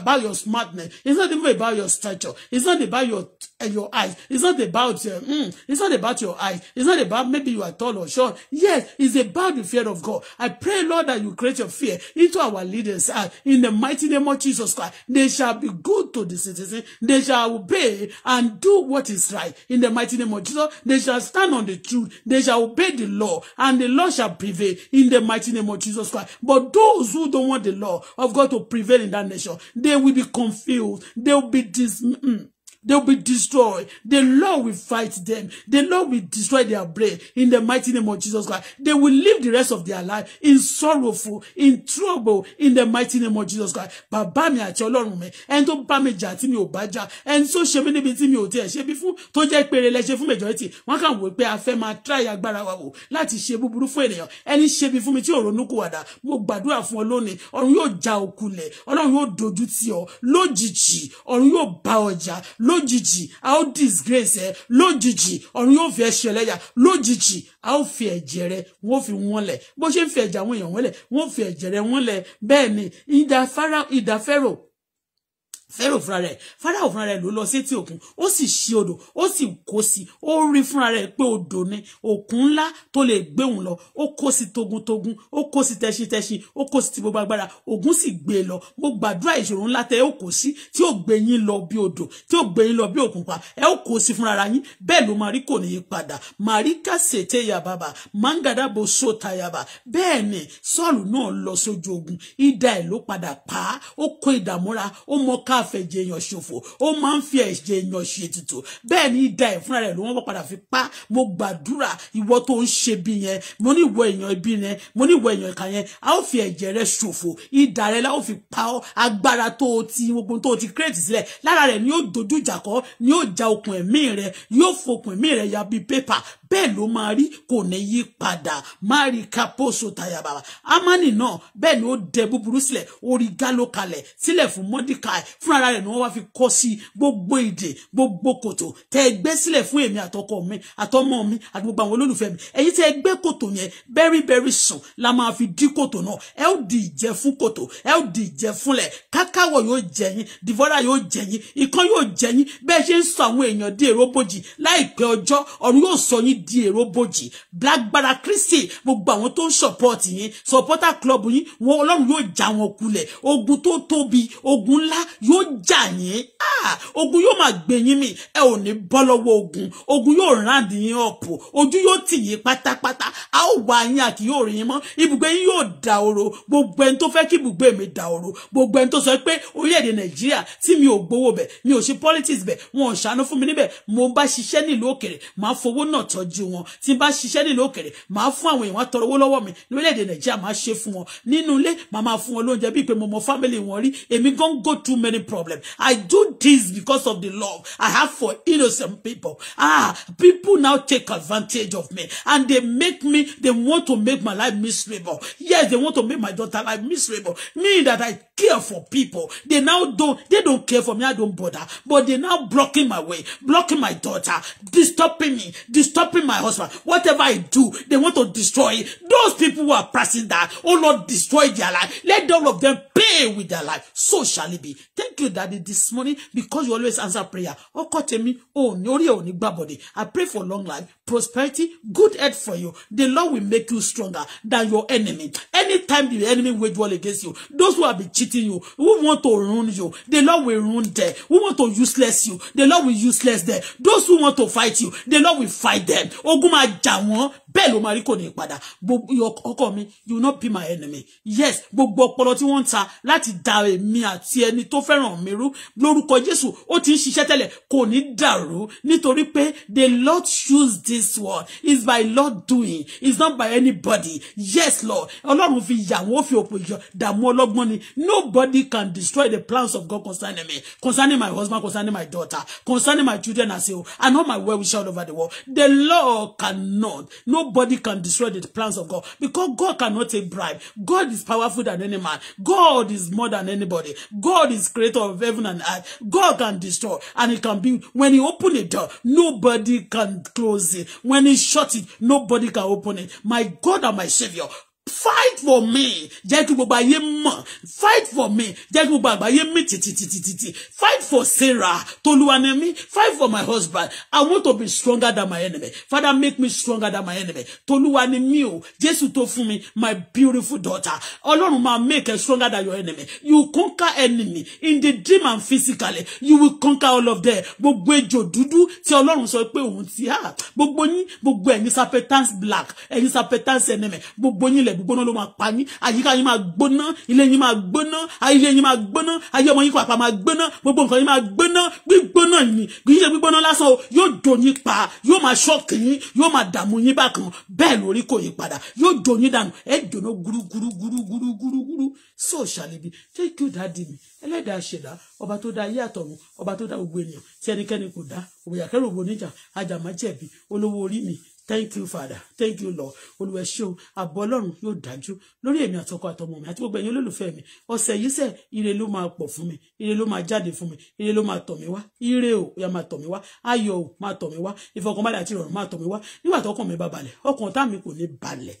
about your smartness it's not even about your stature it's not about your eh, your eyes. It's not about uh, mm, it's not about your eyes. It's not about maybe you are tall or short. Yes, it's about the fear of God. I pray, Lord, that you create your fear into our leaders uh, in the mighty name of Jesus Christ. They shall be good to the citizens. They shall obey and do what is right in the mighty name of Jesus. They shall stand on the truth. They shall obey the law, and the law shall prevail in the mighty name of Jesus Christ. But those who don't want the law of God to prevail in that nation, they will be confused. They will be dismayed. Hmm, hmm. They'll be destroyed. The Lord will fight them. The Lord will destroy their brain in the mighty name of Jesus Christ. They will live the rest of their life in sorrowful, in trouble, in the mighty name of Jesus Christ. Baba mi àti Ọlọ́run mi, ẹni tó bá mi jà tí mi ò bá jà, ẹni tó ṣe mí níbi tí mi ò tiẹ̀ ṣe bí fún, tó jẹ́ ìpele lẹ́ṣẹ̀ fún majority, wọ́n kàn wò pé a fẹ́ máa try agbára wa wò lati ṣe búburú fún ènìyàn. eni ṣe bí fún mi tí ò ronúkúwàdà, mo gbàdúrà fún ọ lónìí, ọ̀run yóò ja òkulẹ̀, ọlọ́run yóò dojú tì ọ́ lójijì, ọ̀run yóò bá ọjà, l lójijì a ó disgrace ẹ lójijì ọ̀run yóò fi ẹṣẹ ẹlẹ́yà lójijì a ó fi ẹ̀jẹ̀ rẹ wọ́n fi wọ́n lẹ̀ bó ṣe ń fi ẹ̀jẹ̀ àwọn èèyàn wọ́n lẹ̀ wọ́n fi ẹ̀jẹ̀ rẹ wọ́n lẹ̀ bẹ́ẹ̀ ni ìdá fẹ́rò fúnra rẹ̀ fáráò fúnra rẹ̀ ló lọ sétí òkun ó sì ṣí odò ó sì kó sí ó rí fúnra rẹ̀ pé odò ni òkun ńlá tó lè gbé òun lọ ó kó sí togun-togun ó kó sí tẹṣin-tẹṣin ó kó sí ti gbogbo agbára ògún sì gbé e lọ mo gbàdúrà ìṣòro ńlá tẹ ẹ ó kó sí tí ó gbé yín lọ bí odò tí ó gbé yín lọ bí òkun pa ẹ ó kó sí fúnra yín bẹ́ẹ̀ ló máa rí kò ní í padà màríkà ṣètè yàbàbà mangada bo sóta yàbà bẹ́ẹ̀ ni sọ́ọ̀lù náà lọ sójú ogun idà ẹ̀ ló padà pa á ó kó ìdààmúra ó mọ ká àfẹ̀jẹ̀ èèyàn ṣòfò ó máa ń fi ẹ̀jẹ̀ èèyàn ṣe ètùtù bẹ́ẹ̀ ni ìdá ẹ̀ fúnra rẹ̀ ló wọ́n padà fi pa mo gbàdúrà ìwọ tó ń ṣe bí yẹn mo ní ìwọ èèyàn ibi yẹn mo ní ìwọ èèyàn ìka yẹn a ó fi ẹ̀jẹ̀ rẹ̀ ṣòfò ìdá rẹ̀ la ó fi pa ọ́ agbára tó o ti gbogbo tó o ti kírètì sílẹ̀ lára rẹ̀ ni yóò dojú ìjà kọ́ ni yóò ja okùn ẹ̀mí rẹ̀ yóò fokùn ẹ̀mí rẹ̀ ya bíi pépà bẹ́ẹ̀ ló máa rí kò ní yí padà máa rí kápóso tayà bàbà amani náà bẹ́ẹ̀ ni ó dẹ búburú sílẹ̀ orí gá ló sílẹ̀ fún mọ́díkà fún fúnra rẹ̀ ni wọ́n wá fi kọ́ sí gbogbo ìdè gbogbo kòtò tẹ́ ẹ gbé sílẹ̀ fún èmi àtọkọ mi àtọmọ mi àti gbogbo àwọn olólùfẹ́ mi ẹ̀yin tẹ́ ẹ gbé kòtò yẹn very very soon la máa fi dí kòtò náà ẹ ó di ìjẹ fún kòtò ẹ ó di ìjẹ fúnlẹ̀ kákáwọ̀ yóò jẹ yín dìvọ́rà yóò jẹ yín ìkan yóò jẹ yín bẹ́ẹ̀ ṣe ń sọ àwọn èèyàn di èrò bòjì láìpẹ́ ọjọ́ ọ̀run yóò sọ yín di èrò bòjì lágbára kristi gbogbo àwọn tó ń support yín supporter club yín wọn ọlọ́run yóò já wọn kulẹ̀ ogun tó tóbi ogun ńlá yóò jà yín ah, ogun yóò máa gbé yín mì ẹ ò ní bọ́ lọ́wọ́ ogun ogun yóò ráǹdì yín ọ̀pọ̀ ojú yóò tì yín pátápátá a ó wá yín àkì yóò rí yín mọ́ ibùgbé yín yóò dahoro gbogbo ẹni tó fẹ́ kí ibùgbé mi dahoro gbogbo ẹni tó sọ pé orílẹ̀-èdè nàìjíríà tí mi ò gbowó bẹ̀ mi ò ṣe politics bẹ̀ wọn ò ṣàánú fún mi níbẹ̀ mo bá ṣiṣẹ́ nílùú òkèrè máa fowó náà tọ́jú wọn tí n bá ṣiṣẹ́ nílùú òkèrè go through many problem. I do this because of the love I have for innocent people. Ah, people now take advantage of me and they make me, they want to make my life miserable. Yes, they want to make my daughter life miserable. Me that I care for people. They now don't, they don't care for me. I don't bother. But they now blocking my way, blocking my daughter, disturbing me, disturbing my husband. Whatever I do, they want to destroy it. Those people who are pressing that, oh Lord, destroy their life. Let all of them pay with their life. So shall it be. Thank Thank you, Daddy, this morning because you always answer prayer. Oko temi, oh, orí ò ní gbàbọ̀dẹ̀. I pray for long life, prosperity, good health for you. The Lord will make you stronger than your enemy. Anytime the enemy wage war against you, those who have been cheating you, who want to ruin you, the Lord will ruin them. Who want to useless you, the Lord will useless them. Those who want to fight you, the Lord will fight them. Ogun máa jà wọ́n, bẹ́ẹ̀ ló máa rí kò ní padà ọkọ mi you not be my enemy yes gbogbo ọpọlọ tí wọ́n ń ta láti da èmi àti ẹni tó fẹ́ràn mi rú lórúkọ Jésù ó ti ń ṣiṣẹ́ tẹ́lẹ̀ kò ní dàrú nítorí pé the Lord choose this one is by Lord doing Is not by anybody yes Lord ọlọ́run fi yà wọ́n fi òpò ìjọ dààmú ọlọ́gbọ́n ni nobody can destroy the plans of God concerning me concerning my husband concerning my daughter concerning my children as a whole and all my well-wishers all over the world the Lord cannot no Nobody can destroy the plans of God because God cannot take bribe. God is powerful than any man. God is more than anybody. God is creator of heaven and earth. God can destroy and it can be when he open a door, nobody can close it. When he shut it, nobody can open it. My God and my Savior, fight for me jẹ́ kí gbogbo ayé mọ̀ fight for me jẹ́ kí gbogbo àgbáyé mì tìtìtìtìtì fight for Sarah tolúwanimi fight for my husband I want to be stronger than my enemy father make me stronger than my enemy tolúwanimi o Jésù tó fún mi my beautiful daughter Ọlọ́run máa make her stronger than your enemy you conquer enemy in the dream and physically you will conquer all of them gbogbo ejò dúdú tí Ọlọ́run sọ pé òun ti hà gbogbo yín gbogbo ẹ̀yin serpentance black ẹ̀yin serpentance enemy gbogbo yín lẹ̀ gbígbóná ló máa pa yín àyíká yín máa gbóná ilé yín máa gbóná ayé yín máa gbóná ayé ọmọ yín pàpà máa gbóná gbogbo nǹkan yín máa gbóná gbígbóná yìí kì í ṣe gbígbóná lásán o yóò dò yín pa yóò máa ṣọ́ọ̀kì yín yóò máa dààmú yín bákan bẹ́ẹ̀ lórí kò yí padà yóò dò yín dànù ẹ dòná gúrúgúrúgúrúgúrúgúrú so shall it be thank you daddy mi ẹlẹ́dàá ṣẹ̀dá ọba tó dá ayé àtọ̀run ọba tó dá gbogbo ènìyàn tí ẹnikẹ́ni kò dá òbòyàkẹ́rù òbò níjà ajàmájẹ̀bi olówó orí mi thank you father thank you lord olùwẹ̀ ṣé o àbọ̀ ọlọ́run yóò dájú lórí èmi àtọkọ àtọmọ mi àti gbogbo ẹ̀yin olólùfẹ́ mi ọ̀sẹ̀ yìí sẹ̀ ire ló máa pọ̀ fún mi ire ló máa jáde fún mi ire ló máa tọ̀ mí wá ire o ya máa tọ̀ mí wá ayọ̀ o máa tọ̀ mí wá ìfọkànbalẹ̀ àti ìrọ̀rùn máa tọ̀ mí wá nígbà tọkàn mi bá balẹ̀ ọkàn tá mi kò ní balẹ̀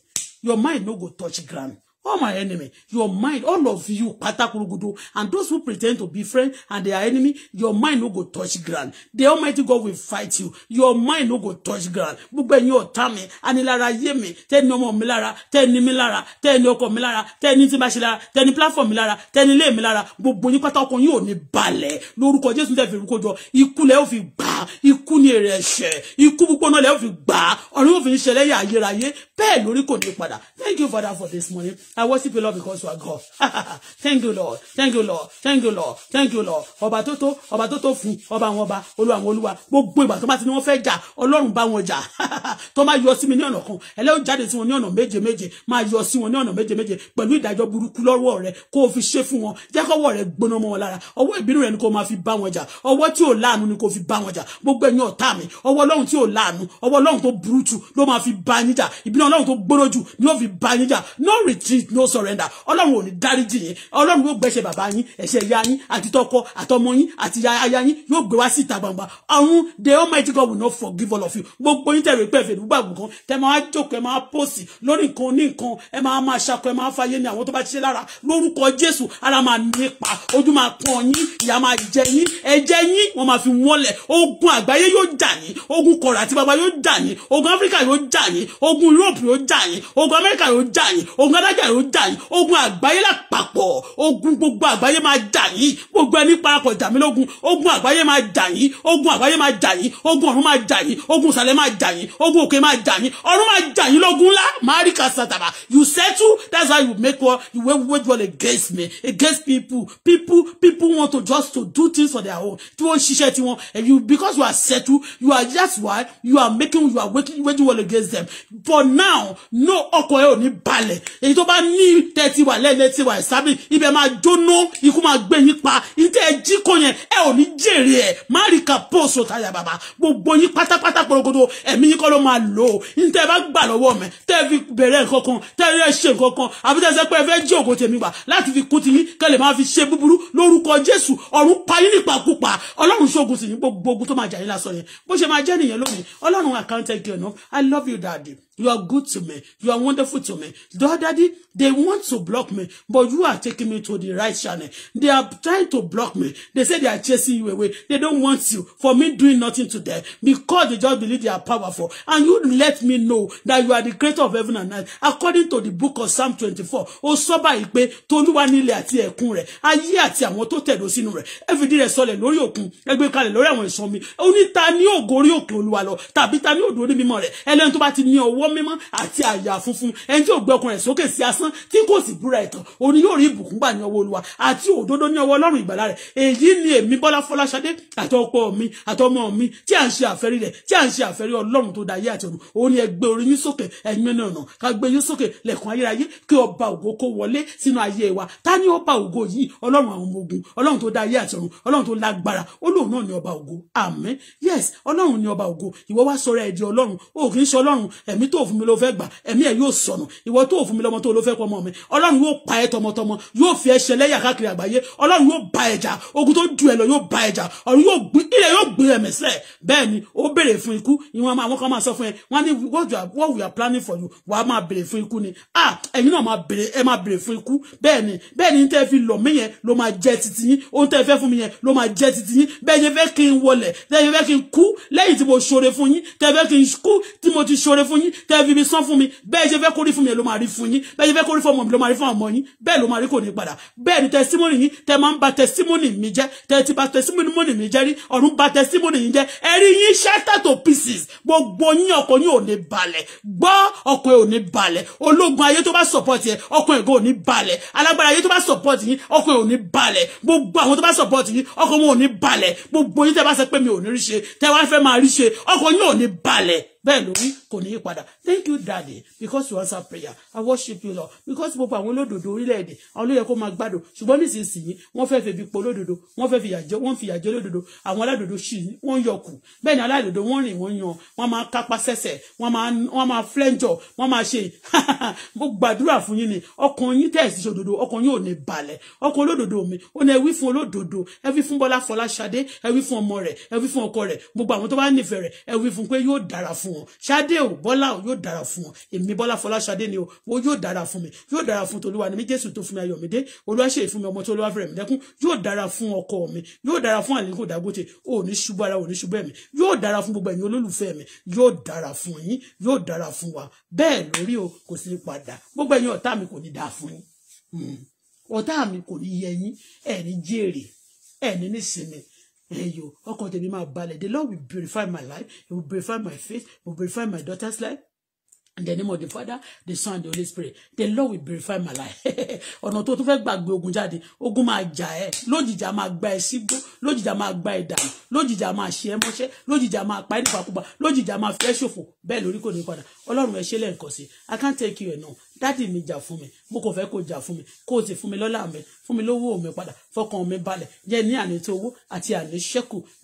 your mind no go touch ground all my enemy your mind all of you patakurugudu and those who pretend to be friend and their enemy your mind no go touch ground the almighty god will fight you your mind no go touch ground gbogbo ẹ̀yin ọ̀tá mi anilára yé mi tẹni ọmọ mi lára tẹni mi lára tẹni ọkọ mi lára tẹni tí ma ṣe lára tẹni platform mi lára tẹni ilé mi lára gbogbo yín pátá yín ò ní balẹ̀ lórúkọ jésù tẹ̀ fi rúkọ jọ ikú lẹ́ ò gbà ikú ni èrè ẹ̀ṣẹ̀ ikú púpọ̀ náà lẹ́ ò fi gbà ọ̀run ò fi ń ṣẹlẹ́yà ayérayé bẹ́ẹ̀ lórí kò ní padà thank you father for this morning I worship you, Lord, because you are God. Thank you, Lord. Thank you, Lord. Thank you, Lord. Thank you, Lord. Ọba tó tó, ọba tó tó fún, ọba àwọn ọba, olúwa àwọn olúwa. Gbogbo ìgbà tó bá ti ní wọ́n fẹ́ jà, Ọlọ́run bá wọn jà. Tó máa yọ sí mi ní ọ̀nà kan. Ẹlẹ́wọ̀n jáde sí wọn ní ọ̀nà méje méje. Máa yọ sí wọn ní ọ̀nà méje méje. Pẹ̀lú ìdájọ́ burúkú lọ́wọ́ rẹ̀ kó o fi ṣe fún wọn. Jẹ́ kọ́wọ́ rẹ̀ gbóná mọ́ wọn lára. Ọwọ́ ìbínú rẹ̀ ni kó máa fi bá wọn jà. Ọwọ́ tí ò láàánú ni kó fi bá wọn jà. Gbogbo ẹ̀yin ọ̀tá mi. Ọwọ́ Ọlọ́run tí ò láàánú. Ọwọ́ Ọlọ́run tó burú jù ló máa fi bá yín jà. Ìbínú Ọlọ́run tó gbóná jù ni ó fi bá yín jà. No retreat no surrender ọlọ́run ò ní dáríjì yín ọlọ́run yóò gbẹ̀ṣẹ̀ bàbá yín ẹ̀ṣẹ̀ ìyá yín àti tọkọ àtọmọ yín àti aya yín yóò gbé wá síta gbangba ọ̀run the almighty god will not forgive all of you gbogbo yín tẹ̀rẹ̀ pé ẹ̀fẹ̀ ìdúgbà gbọ̀ngàn tẹ máa jókòó ẹ máa pòsì lórí nǹkan ní nǹkan ẹ máa máa ṣakọ ẹ máa fàyè ní àwọn tó bá ṣiṣẹ́ lára lórúkọ jésù ara máa nípa ojú máa pọ́n yín ìyá máa jẹ yín ẹ̀jẹ̀ yín wọ́n máa fi wọ́lẹ̀ ogun àgbáyé yóò jà yín ogun kọ̀rọ̀ àti bàbá yóò jà yín ogun áfíríkà yóò jà yín ogun yúròpù yóò jà yín ogun amẹ́ríkà yóò jà yín ogun adájà ò jà yìí ogun àgbáyé lápapọ̀ ogun gbogbo àgbáyé máa jà yìí gbogbo ẹni parapọ̀ jà ogun àgbáyé máa jà yìí ogun àgbáyé máa jà yìí ogun ọ̀run máa jà yìí ogun ìsàlẹ̀ máa jà yìí ogun òkè máa jà yìí ọ̀run máa jà yìí lógun ńlá máríkà sátàbà you settle that's why you make war you wage wage war against me against people people people want to just to do things for their own tí wọ́n ṣiṣẹ́ tí wọ́n and you because you are settle. you are just why you are making you are waging wage war against them for now no ọkọ̀ ẹ ò ní balẹ̀ èyí tó bá ní tẹ́ ti wà lẹ́lẹ́ ti wà ìsábì ibẹ̀ máa jóná ikú máa gbé yín pa ìtẹ́ ẹ jí kò yẹn ẹ ò ní jèrè ẹ̀ má rí ka bóòsù táyà bàbá gbogbo yín pátápátá porogodo ẹ̀mí yín kọ́ ló máa lò ó ìtẹ́ ẹ bá gbà lọ́wọ́ mi tẹ́ ẹ fi bẹ̀rẹ̀ nǹkankan tẹ́ ẹ ṣe nǹkankan àbí tẹ́ ẹ sẹ́ pé ẹ fẹ́ jí ògo tèmi wà láti fi kú ti yín kẹ́ lè máa fi ṣe búburú lórúkọ Jésù ọ̀run pa yín nípakúpa ọlọ́run ṣoògùn sí yín gbogbo ogun tó máa jà yín lásán yẹn bó ṣe máa jẹ́ nìyẹn lónìí ọlọ́run I counted you enough I love you daddy you are good to me you are wonderful to me daddy They want to block me, but you are taking me to the right channel. They are trying to block me. They say they are chasing you away. They don't want you for me doing nothing to them because they just believe they are powerful. And you let me know that you are the creator of heaven and earth. According to the book of Psalm 24, ó sọ báyìí pé Tolúwa ni ilẹ̀ àti ẹ̀kún rẹ̀, ayé àti àwọn tó tẹ̀dó sínú rẹ̀. Ẹ fìdí rẹ̀ sọlẹ̀ lórí òkun, ẹ gbé kalẹ̀ lórí àwọn ìṣàn mi. Ó ní ta ni ògo orí òkè Olúwa lọ tàbí ta ni òdò orí mímọ́ rẹ̀. Ẹlẹ́ni lásán tí kò sì búra ẹ̀tàn òní yóò rí ìbùkún gbà ní ọwọ́ olúwa àti òdodo ní ọwọ́ ọlọ́run ìgbàlá rẹ̀ èyí ni èmi bọ́lá fọláṣadé àtọkọ mi àtọmọ mi tí à ń ṣe àfẹ́rí rẹ̀ tí à ń ṣe àfẹ́rí ọlọ́run tó dayé àti ọ̀run òun ni ẹ gbé orí yín sókè ẹ̀yin mẹ́rin ọ̀nà ká gbé yín sókè lẹ̀kùn ayérayé kí ọba ògo kó wọlé sínú ayé wa ta ni ọba ògo yìí ọlọ́run àwọn ọmọ ogun ọlọ́run tó dayé àti ọ̀run ọlọ́run tó lágbára olóhùn náà ni ọba ògo àmín yes ọlọ́run ni ọba ògo ìwọ wá sọ̀rọ̀ ẹ̀ di ọlọ́run o kì í ṣe ọlọ́run ẹ̀mí mi ló fẹ́ gbà ẹ̀mí ẹ̀ yóò sọnù ìwọ tó fún fẹ́ pọ̀ mọ́ mi ọlọ́run yóò pa ẹ́ tọmọtọmọ yóò fi ẹ́ ṣẹlẹ́yà káàkiri àgbáyé ọlọ́run yóò ba ẹ̀jà ogun tó ju ẹ̀ lọ yóò ba ẹ̀jà ọ̀run yóò gbin ilẹ̀ yóò gbin ẹ̀mẹ̀sẹ̀ bẹ́ẹ̀ ni ó béèrè fún ikú ìwọ̀n àwọn kan máa sọ fún ẹ wọ́n ní what we are planning for you wà á máa béèrè fún ikú ni ah ẹ̀yin náà ẹ máa béèrè fún ikú bẹ́ẹ̀ ni bẹ́ẹ̀ ni tẹ́ fi lọ̀ mí yẹn ló máa jẹ́ titi yín ohun tẹ́ fẹ́ fún mi yẹn ló máa jẹ́ titi yín bẹ́ẹ̀ yẹn fẹ́ kí n wọlẹ̀ bẹ́ẹ̀ yẹn fẹ́ kí n kú lẹ́yìn tí mo ṣoore fún yín tẹ́ fẹ́ kí n kú tí mo ti ṣoore fún yín tẹ́ fi mi sán fún mi bẹ́ẹ̀ yẹn fẹ́ kórìí fún mi yẹn ló máa rí fún yín bẹ́ẹ̀ yẹn fẹ́ fẹ́ kórí fọmọ mi ló máa rí fún ọmọ yín bẹ́ẹ̀ ló máa rí kò ní padà bẹ́ẹ̀ ni testimony yín tẹ máa ń ba testimony mi jẹ́ tẹ ti ba testimony mi jẹ́ rí ọ̀run ba testimony yín jẹ́ ẹ̀rí yín shatter to pieces gbogbo yín ọkọ̀ yín ò ní balẹ̀ gbọ́ ọkọ̀ ò ní balẹ̀ ológun ayé tó bá support yẹ ọkọ̀ ẹ̀gọ́ ò ní balẹ̀ alágbára ayé tó bá support yín ọkọ̀ ò ní balẹ̀ gbogbo àwọn tó bá support yín ọkọ̀ wọn ò ní balẹ̀ gbogbo yín tẹ bá sọ pé mi ò ní rí ṣe tẹ wá fẹ́ máa rí ṣe ọkọ̀ yín ò ní balẹ̀ bẹ́ẹ̀ lórí kò ní í padà thank you daddy because you answer prayer i worship you lord because gbogbo àwọn olódodo orílẹ̀-èdè àwọn olóyè kó máa gbádùn ṣùgbọ́n nísinsìnyí wọ́n fẹ́ fẹ́ bí po olódodo wọ́n fẹ́ fìyàjẹ wọ́n fìyàjẹ olódodo àwọn aládodo ṣì wọ́n yọ kù bẹ́ẹ̀ ni aládodo wọ́n rìn wọ́n yan wọ́n máa kápá sẹ́sẹ̀ wọ́n máa wọ́n máa flẹ́ńjọ wọ́n máa ṣe mo gbàdúrà fún yín ni ọkàn yín tẹ̀sí ṣòdodo ọkàn yín ò ní balẹ̀ ọkàn olódodo mi ó ní ẹ wí fún olódodo ẹ wí fún Bọ́lá Fọláṣadé ẹ wí fún ọmọ rẹ̀ ẹ wí fún ọkọ rẹ̀ gbogbo àwọn tó bá nífẹ̀ẹ́ rẹ̀ ẹ wí fún pé yóò dára fún fún ọ ṣadé o bọ́lá o yóò dára fún ọ èmi bọ́lá fọlá ṣadé ni o o yóò dára fún mi yóò dára fún tolúwa ni mi jésù tó fún mi ayọ̀mídé olúwa ṣe ìfún mi ọmọ tó olúwa fẹ́rẹ̀ mi dẹ́kun yóò dára fún ọkọ mi yóò dára fún àlékún dàgóte o ní ṣubú ara o ní ṣubú ẹ̀mí yóò dára fún gbogbo ẹ̀yin olólùfẹ́ mi yóò dára fún yín yóò dára fún wa bẹ́ẹ̀ lórí o kò sí padà gbogbo ẹ̀yin ọ̀tá mi kò ní dáa fún yín hmm. ọ̀tá mi kò ní yẹ yín ẹ̀ ní jèrè ẹ̀ ní nísinmi ẹyọ ọkàn tèmi máa balẹ̀ the Lord will purify my life he will purify my faith he will purify my daughter's life in the name of the father the son and the holy spirit the lord will purify my life ọ̀nà tó tún fẹ́ gbàgbé ogun jáde ogun máa jà ẹ́ lójijì a máa gba ẹ sígbó lójijì a máa gba ẹ dànù lójijì a máa ṣe ẹ mọ́ṣẹ́ lójijì a máa pa ẹ́ nípakúpa lójijì a máa fẹ́ ṣòfò bẹ́ẹ̀ lórí kò ní padà ọlọ́run ẹ ṣe lẹ́ǹkan sí i i can't take you enough dádì mi jà fún mi mo kò fẹ́ kó jà fún mi kó o sì fún mi lọ́lá mi fún mi lówó mi padà fọkàn mi balẹ̀ jẹ́ ní àní owó àti àní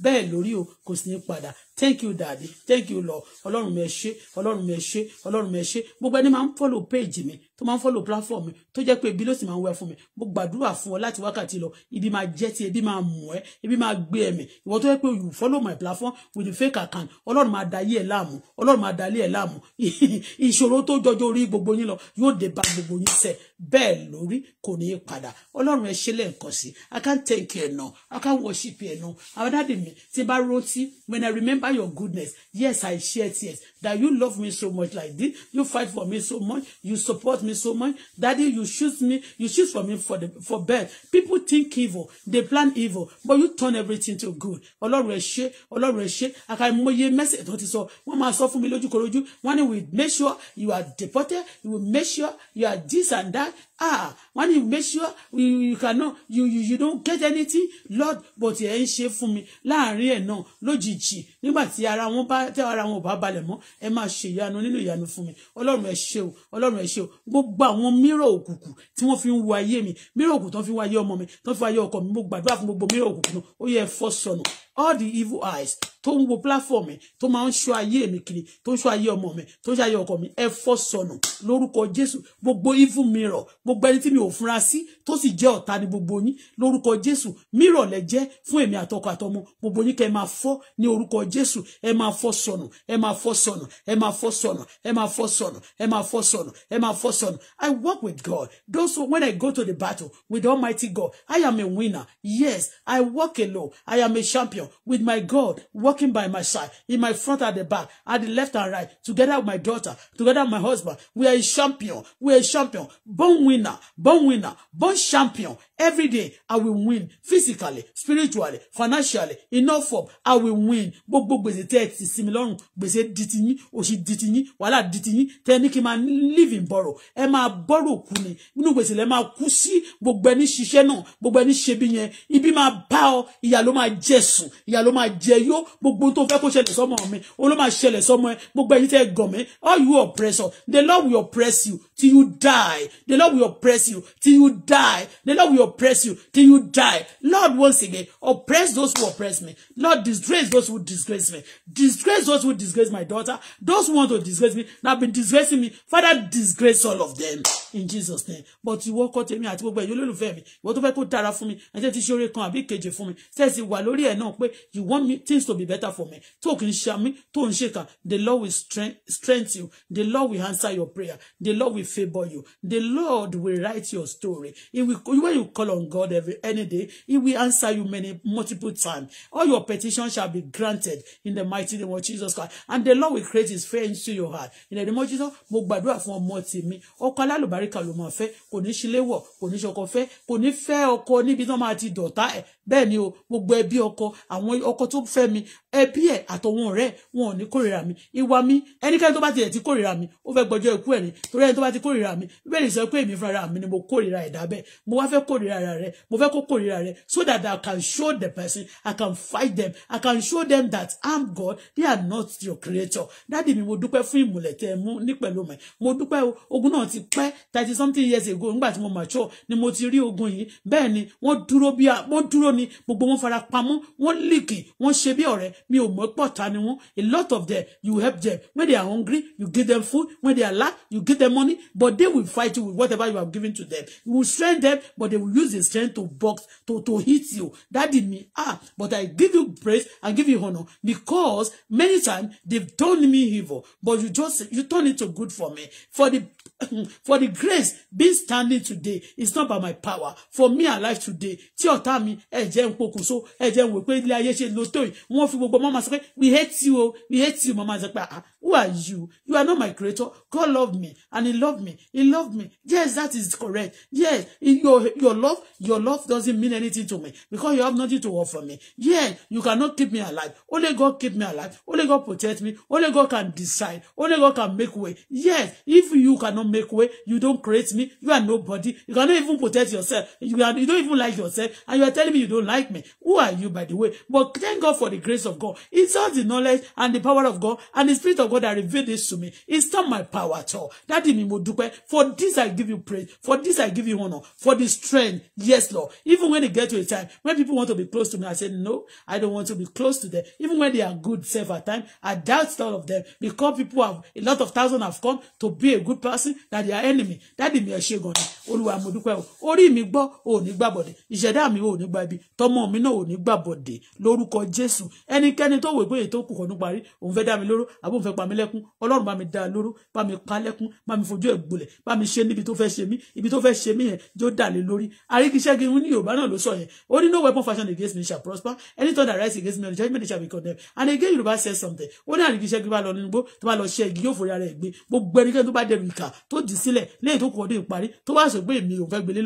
bẹ́ẹ̀ lórí o kò sì ní padà thank you daddy thank you lord ọlọ́run mi ẹ ṣé ọlọ́run mi ẹ ṣé ọlọ́run mi ẹ ṣé gbogbo ẹni máa ń follow page mi tó máa ń follow platform mi tó jẹ́ pé ibi ló sì máa ń wá fún mi mo gbàdúrà fún ọ láti wákàtí lọ ibi máa jẹ́ ti ebi máa mú ẹ ebi máa gbé ẹ̀mí ìwọ tó jẹ́ pé you follow my platform with fake account ọlọ́run máa da ayé ẹ̀ láàmú ọlọ́run máa da ayé ẹ̀ láàmú ìṣòro tó jọjọ orí gbogbo yín lọ yóò De the Babogoni said. bẹ́ẹ̀ lórí kò ní í padà ọlọ́run ẹ ṣe lẹ́ẹ̀kan sí i can thank you ẹ̀nà i can worship you ẹ̀nà àwọn dáàdì mi tí bá rántí when i remember your goodness yes i share tears that you love me so much like this you fight for me so much you support me so much daddy you choose me you choose for me for the for bed people think evil they plan evil but you turn everything to good ọlọ́run ẹ ṣe ọlọ́run ẹ ṣe àkàìmọye mẹ́sẹ̀ tó ti sọ wọ́n máa sọ fún mi lójúkorojú wọ́n ní we make sure you are deported we make sure you are this and that that ah when ah, you make sure you, you cannot you, you you don't get anything lord but ẹ ń ṣe fún mi láàrin ẹ̀ náà lójijì nígbà tí ara wọn bá tẹ ara wọn ò bá balẹ̀ mọ́ ẹ máa ṣe ìyanu nínú ìyanu fún mi ọlọ́run ẹ ṣé o ọlọ́run ẹ ṣé o gbogbo àwọn mírọ̀ òkùnkùn tí wọ́n fi ń wo ayé mi mírọ̀ òkùnkùn tó fi wo ayé ọmọ mi tó fi wo ayé ọkọ mi mo gbàdúrà fún gbogbo mírọ̀ òkùnkùn náà ó yẹ ẹ fọ́ sọnù all the evil eyes tó ń wo platform ẹ̀ tó máa ń ṣọ́ ayé mi kiri tó ń ṣọ́ ayé ọmọ mi tó ń ṣọ́ ayé ọkọ mi ẹ fọ́ sọnù lórúkọ Jésù gbogbo evil mirror gbogbo ẹni tí mi ò fura sí tó sì jẹ́ ọ̀tá ni gbogbo yín lórúkọ Jésù mirror lẹ jẹ́ fún èmi àtọkọ àtọmọ gbogbo yín kẹ́ máa fọ́ ní orúkọ Jésù ẹ máa fọ́ sọnù ẹ máa fọ́ sonu. ẹ máa fọ́ sọnù ẹ máa fọ́ sọnù ẹ máa fọ́ sọnù ẹ máa fọ́ sọnù I work with God those who, when I go to the battle with Almighty God I am a winner yes I walk alone I am a champion with my God walking by my side, in my front at the back, at the left and right, together with my daughter, together with my husband. We are a champion. We are a champion. Born winner, born winner, born champion every day i will win physically spiritually financially Enough all form i will win gbogbo gbèsè tẹ́ ẹ ti sinmi lọ́rùn gbèsè di ti yín òṣì di ti yín wàhálà di yín tẹ́ ẹ ní kí n máa live in borrow ẹ máa borrow kú ni inú gbèsè lẹ́ máa kú sí gbogbo ẹni ṣiṣẹ́ náà gbogbo ẹni ṣe bí yẹn ibi máa bá ọ ìyà ló máa jẹ sùn ìyà ló máa jẹ yó gbogbo tó fẹ́ kó ṣẹlẹ̀ sọ́mọ mi ó ló máa ṣẹlẹ̀ sọ́mọ ẹ gbogbo ẹni tẹ́ ẹ gàn mí all you oppressor the Lord will oppress you till you die the Lord will oppress you till you die the Lord will oppress you till you die. Lord, once again, oppress those who oppress me. Lord, disgrace those who disgrace me. Disgrace those who disgrace my daughter. Those who want to disgrace me, now been disgracing me. Father, disgrace all of them in Jesus' name. But you walk out to me at work. You olólùfẹ́ mi. me. tó fẹ́ kó dára for me, Ẹ jẹ́ ti ṣe oore kan àbí kejì fún mi. Ṣé ti wà lórí ẹ̀ you want me things to be better for me. Talking kì me, ṣe shaker. The Lord will strength you. The Lord will answer your prayer. The Lord will favor you. The Lord will write your story. It will, when you call on God every any day, He will answer you many multiple times. All your petitions shall be granted in the mighty name of Jesus Christ. And the Lord will create His faith into your heart. In the name of Jesus, mo gbàdúrà fún ọmọ tèmi. Ọkọ alálùbáríkà ló máa fẹ́, kò ní ṣíléwọ̀, koni ní ṣọkọ koni kò ní fẹ́ ọkọ níbi tí wọ́n máa ti dọ̀tá ẹ̀. Bẹ́ẹ̀ ni o, gbogbo ẹbí ọkọ, àwọn ọkọ tó fẹ́ mi, ebi e àtọwọn ọ̀rẹ́ wọn ò ní kórìíra mi. Ìwà mi, ẹnikẹ́ni tó bá tiẹ̀ ti kórìíra mi, ó fẹ́ gbọ́jọ́ ikú ẹ̀ ni. Torí ẹni tó bá ti kórìíra mi, bẹ́ẹ̀ ni sọ pé èmi fúnra mi ni mo kórìíra ẹ̀dá bẹ́ẹ̀. Mo wá fẹ́ kórìíra kórìíra rẹ mo fẹ́ kó kórìíra rẹ so that I can show the person I can fight them I can show them that I'm God they are not your creator dáàdi mi mo dúpẹ́ fún ìmùlẹ̀ tẹ́ ẹ mú ní pẹ̀lú mi mo dúpẹ́ ogun náà ti pẹ́ thirty something years ago nígbà tí mo mature ni mo ti rí ogun yìí bẹ́ẹ̀ ni wọ́n dúró bí wọ́n dúró ni gbogbo wọn fara pamọ́ wọ́n líkì wọ́n ṣe bí ọ̀rẹ́ mi ò mọ̀ pọ̀ ta ni wọ́n a lot of them you help them when they are hungry you give them food when they are lack you give them money but they will fight you with whatever you have given to them you will strengthen them but they will use his strength to box, to, to hit you. That did me. Ah, but I give you praise and give you honor because many times they've done me evil, but you just, you turn it to good for me. For the, for the grace being standing today is not by my power. For me alive today, Ti ọ̀tá mi, ẹ jẹ́ n pokùnso, ẹ jẹ́ n wò pé ilé ayé ṣe lọ tó yìí. fi gbogbo mama sọ pé, we hate you o, we hate you mama sọ pé, ah, ah. Who are you? You are not my creator. God loved me and he loved me. He loved me. Yes, that is correct. Yes, your, your love, your love doesn't mean anything to me because you have nothing to offer me. Yes, you cannot keep me alive. Only God keep me alive. Only God protect me. Only God can decide. Only God can make way. Yes, if you cannot make way, you don't create me. You are nobody. You cannot even protect yourself. You, are, you don't even like yourself. And you are telling me you don't like me. Who are you, by the way? But thank God for the grace of God. It's all the knowledge and the power of God and the spirit of God I reveal this to me. It's not my power at all. Daddy mi mo For this I give you praise. For this I give you honor. For the strength. Yes, Lord. Even when it gets to a time when people want to be close to me, I say, no, I don't want to be close to them. Even when they are good self at time, I doubt all of them because people have, a lot of thousands have come to be a good person that they are enemy. That mi ẹ ṣé gan ni. Olúwa mo o. Orí mi gbọ́, ò ní gbàbọ̀dẹ̀. Ìṣẹ̀dá mi ò ní gbà ibi. Tọmọ mi náà ò ní gbàbọ̀dẹ̀. Lórúkọ Jésù. Ẹnikẹ́ni tó wèé mi lóró, àbóun fẹ́ pa mí lẹ́kún ọlọ́run bá mi dá a lóró bá mi pa lẹ́kún bá mi fojú ẹ̀ gbolẹ̀ bá mi ṣe níbi tó fẹ́ ṣe mí ibi tó fẹ́ ṣe mí yẹn jó dà lé lórí àríkíṣẹ́gi ní yorùbá náà ló sọ yẹn ó ní no weapon fashion against me shall prosper any thought that rise against me on judgment shall be condemned and again yorùbá says something ó ní àríkíṣẹ́gi bá lọ nínú gbó tó bá lọ ṣe igi yóò forí ara ẹ̀ gbé gbogbo ẹnikẹ́ni tó bá dẹrù ìkà tó dì sílẹ̀ lẹ́yìn tó kù ọdún ìparí tó wá sọ pé èmi ò fẹ́ gbélé o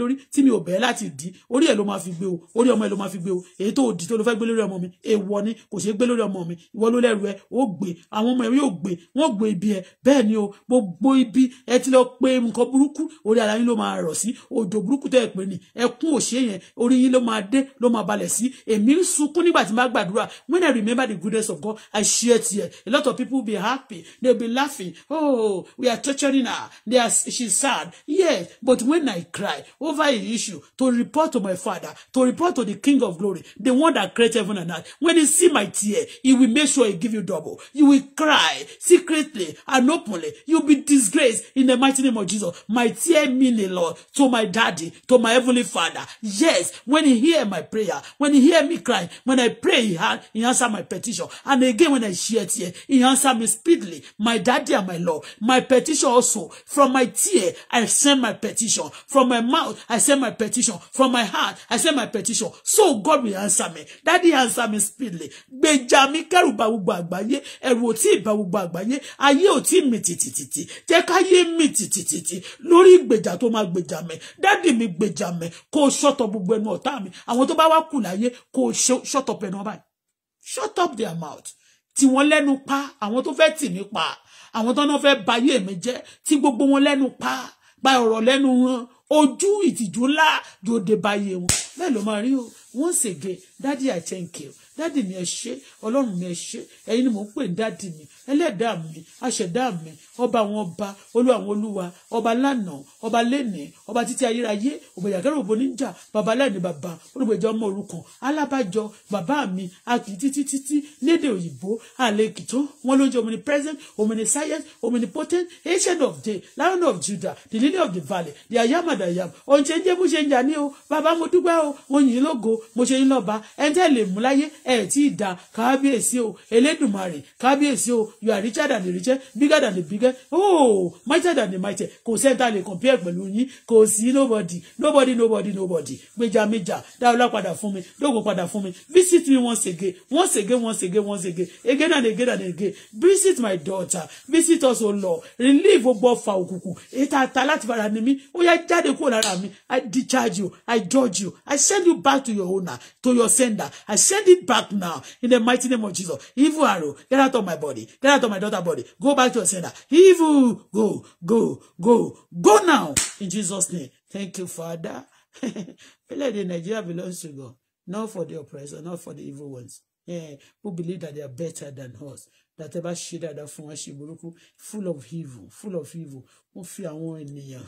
orí ọmọ ẹ̀ ló máa fi gbé o èyí tó dì tó ló fẹ́ gbé lórí ọmọ mi èèwọ̀ ni kò ṣeé gbé lórí ọmọ gbé wọ́n gbé ibi ẹ̀ bẹ́ẹ̀ ni o gbogbo ibi ẹ ti lọ pé nǹkan burúkú orí ara yín ló máa rọ̀ sí odò burúkú tẹ́ ẹ pè ní ẹkún òṣè yẹn orí yín ló máa dé ló máa balẹ̀ sí èmi ń sunkún nígbà tí n bá gbàdúrà when I remember the goodness of God I share tear a lot of people be happy they be laughing oh we are torturing her they are she's sad yes but when I cry over an issue to report to my father to report to the king of glory the one that created heaven and earth when he see my tear he will make sure he give you double you will cry secretly and openly. you be disgraced in the mighty name of Jesus. My tear, mini Lord, to my daddy, to my heavenly father. Yes, when he hear my prayer, when he hear me cry, when I pray, he, answer my petition. And again, when I share tear, he answer me speedily. My daddy and my Lord, my petition also. From my tear, I send my petition. From my mouth, I send my petition. From my heart, I send my petition. So God will answer me. Daddy answer me speedily. Gbèjà mi kẹ́rù bà gbogbo àgbáyé, ẹ̀rù ò tí ì bà gbogbo àgbáyé ayé ò tí mì tìtìtìtì jẹ́ káyé mì tìtìtìtì lórí ìgbèjà tó máa gbèjà mẹ́ dádì mi gbèjà mẹ́ kó o ṣọ́tọ̀ gbogbo ẹnu ọ̀tá mi àwọn tó bá wá kù láyé kó o ṣọ́tọ̀ pẹ̀lú ọba yìí shut up their mouth tí wọ́n lẹ́nu pa àwọn tó fẹ́ tì mí pa àwọn tó náà fẹ́ bayé mi jẹ́ tí gbogbo wọn lẹ́nu pa gba ọ̀rọ̀ lẹ́nu wọn ojú ìtìjú ńlá dòde bayé wọn bẹ́ẹ̀ ló máa rí o once again daddy I thank you dádì mi ẹ ṣé ọlọ́run mi ẹ ṣé ẹ̀yin ni mò ń pè ní dádì mi ẹlẹ́dàá mi aṣẹ̀dá mi ọba àwọn ọba olúwa àwọn olúwa ọba lánàá ọba lẹ́nìí ọba títí ayérayé ògbèjàkẹ́rẹ́ òbò níjà bàbá láìní bàbá olùgbèjọ ọmọ òrukàn alábàjọ bàbá mi akì títí títí lédè òyìnbó àlè kìtó wọn ló ń jẹ omnipresent omniscient omnipotent ancient of day lion of judah the lily of the valley the ayam and ayam ọ̀nṣẹ́ jẹ́ bó ṣe ń jà ní o bàbá mo dúpẹ́ o mo yìn ín lógo mo ṣe yín lọ́ba ẹ̀ ń lè mú láyé ẹ̀ tí ì da kábíyèsí o elédùnmarè kábíyèsí o you are richer than the richer bigger than the bigger oh mightier than the mightier kò sẹ́ńtà lè compare pẹ̀lú yín kò sí nobody nobody nobody nobody gbèjà méjà dáwọlá padà fún mi dógò padà fún mi visit me once again once again once again once again again and again and again visit my daughter visit us o lọ relieve gbogbo ọfà òkùnkùn ètò àtà láti fara ni mí ó yá jáde kúrò lára mi i discharge you i judge you i send you back to your owner to your sender i send it back back now in the mighty name of Jesus. Evil arrow, get out of my body. Get out of my daughter's body. Go back to your sender. Evil, go, go, go, go now in Jesus' name. Thank you, Father. Let the Nigeria belongs to God, not for the oppressor, not for the evil ones. Yeah, who believe that they are better than us. That bá ṣe dáadáa fún wọn ṣe burúkú full of evil full of evil wọ́n fi àwọn ènìyàn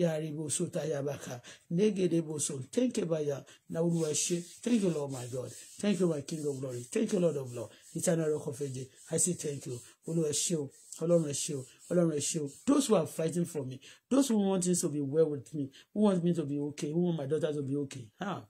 yàrá ibòsó tayabaka négede ibòsó tẹ́ńkẹ́bàyà náwúrúwà ṣe thank you lord my god thank you my king of glory thank you lord of lord eternal rock of ages i say thank you olúwa ṣe o ọlọ́run ẹ ṣé o ọlọ́run ẹ o those who are fighting for me those who want things to be well with me who want me to be okay who want my daughter to be okay. Huh?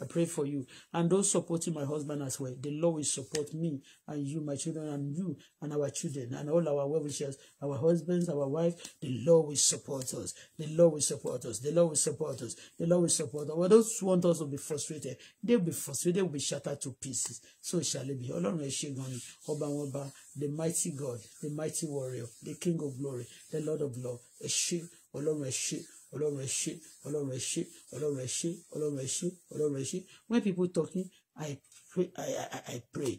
I pray for you and those supporting my husband as well. The Lord will support me and you, my children, and you and our children and all our well wishers, our husbands, our wives. The Lord will support us. The Lord will support us. The Lord will support us. The Lord will support us. Well, those who want us to be frustrated, they'll be frustrated, they'll be shattered to pieces. So shall it be. Ọlọ́run ẹ ṣé gan the mighty God, the mighty warrior, the king of glory, the Lord of love, ẹ ṣé ọlọ́run ẹ ṣé ọlọ́run ẹ ṣé ọlọ́run ẹ ṣé ọlọ́run ẹ ṣé ọlọ́run ẹ ṣé ọlọ́run ẹ ṣé when people talking i pray i i, I pray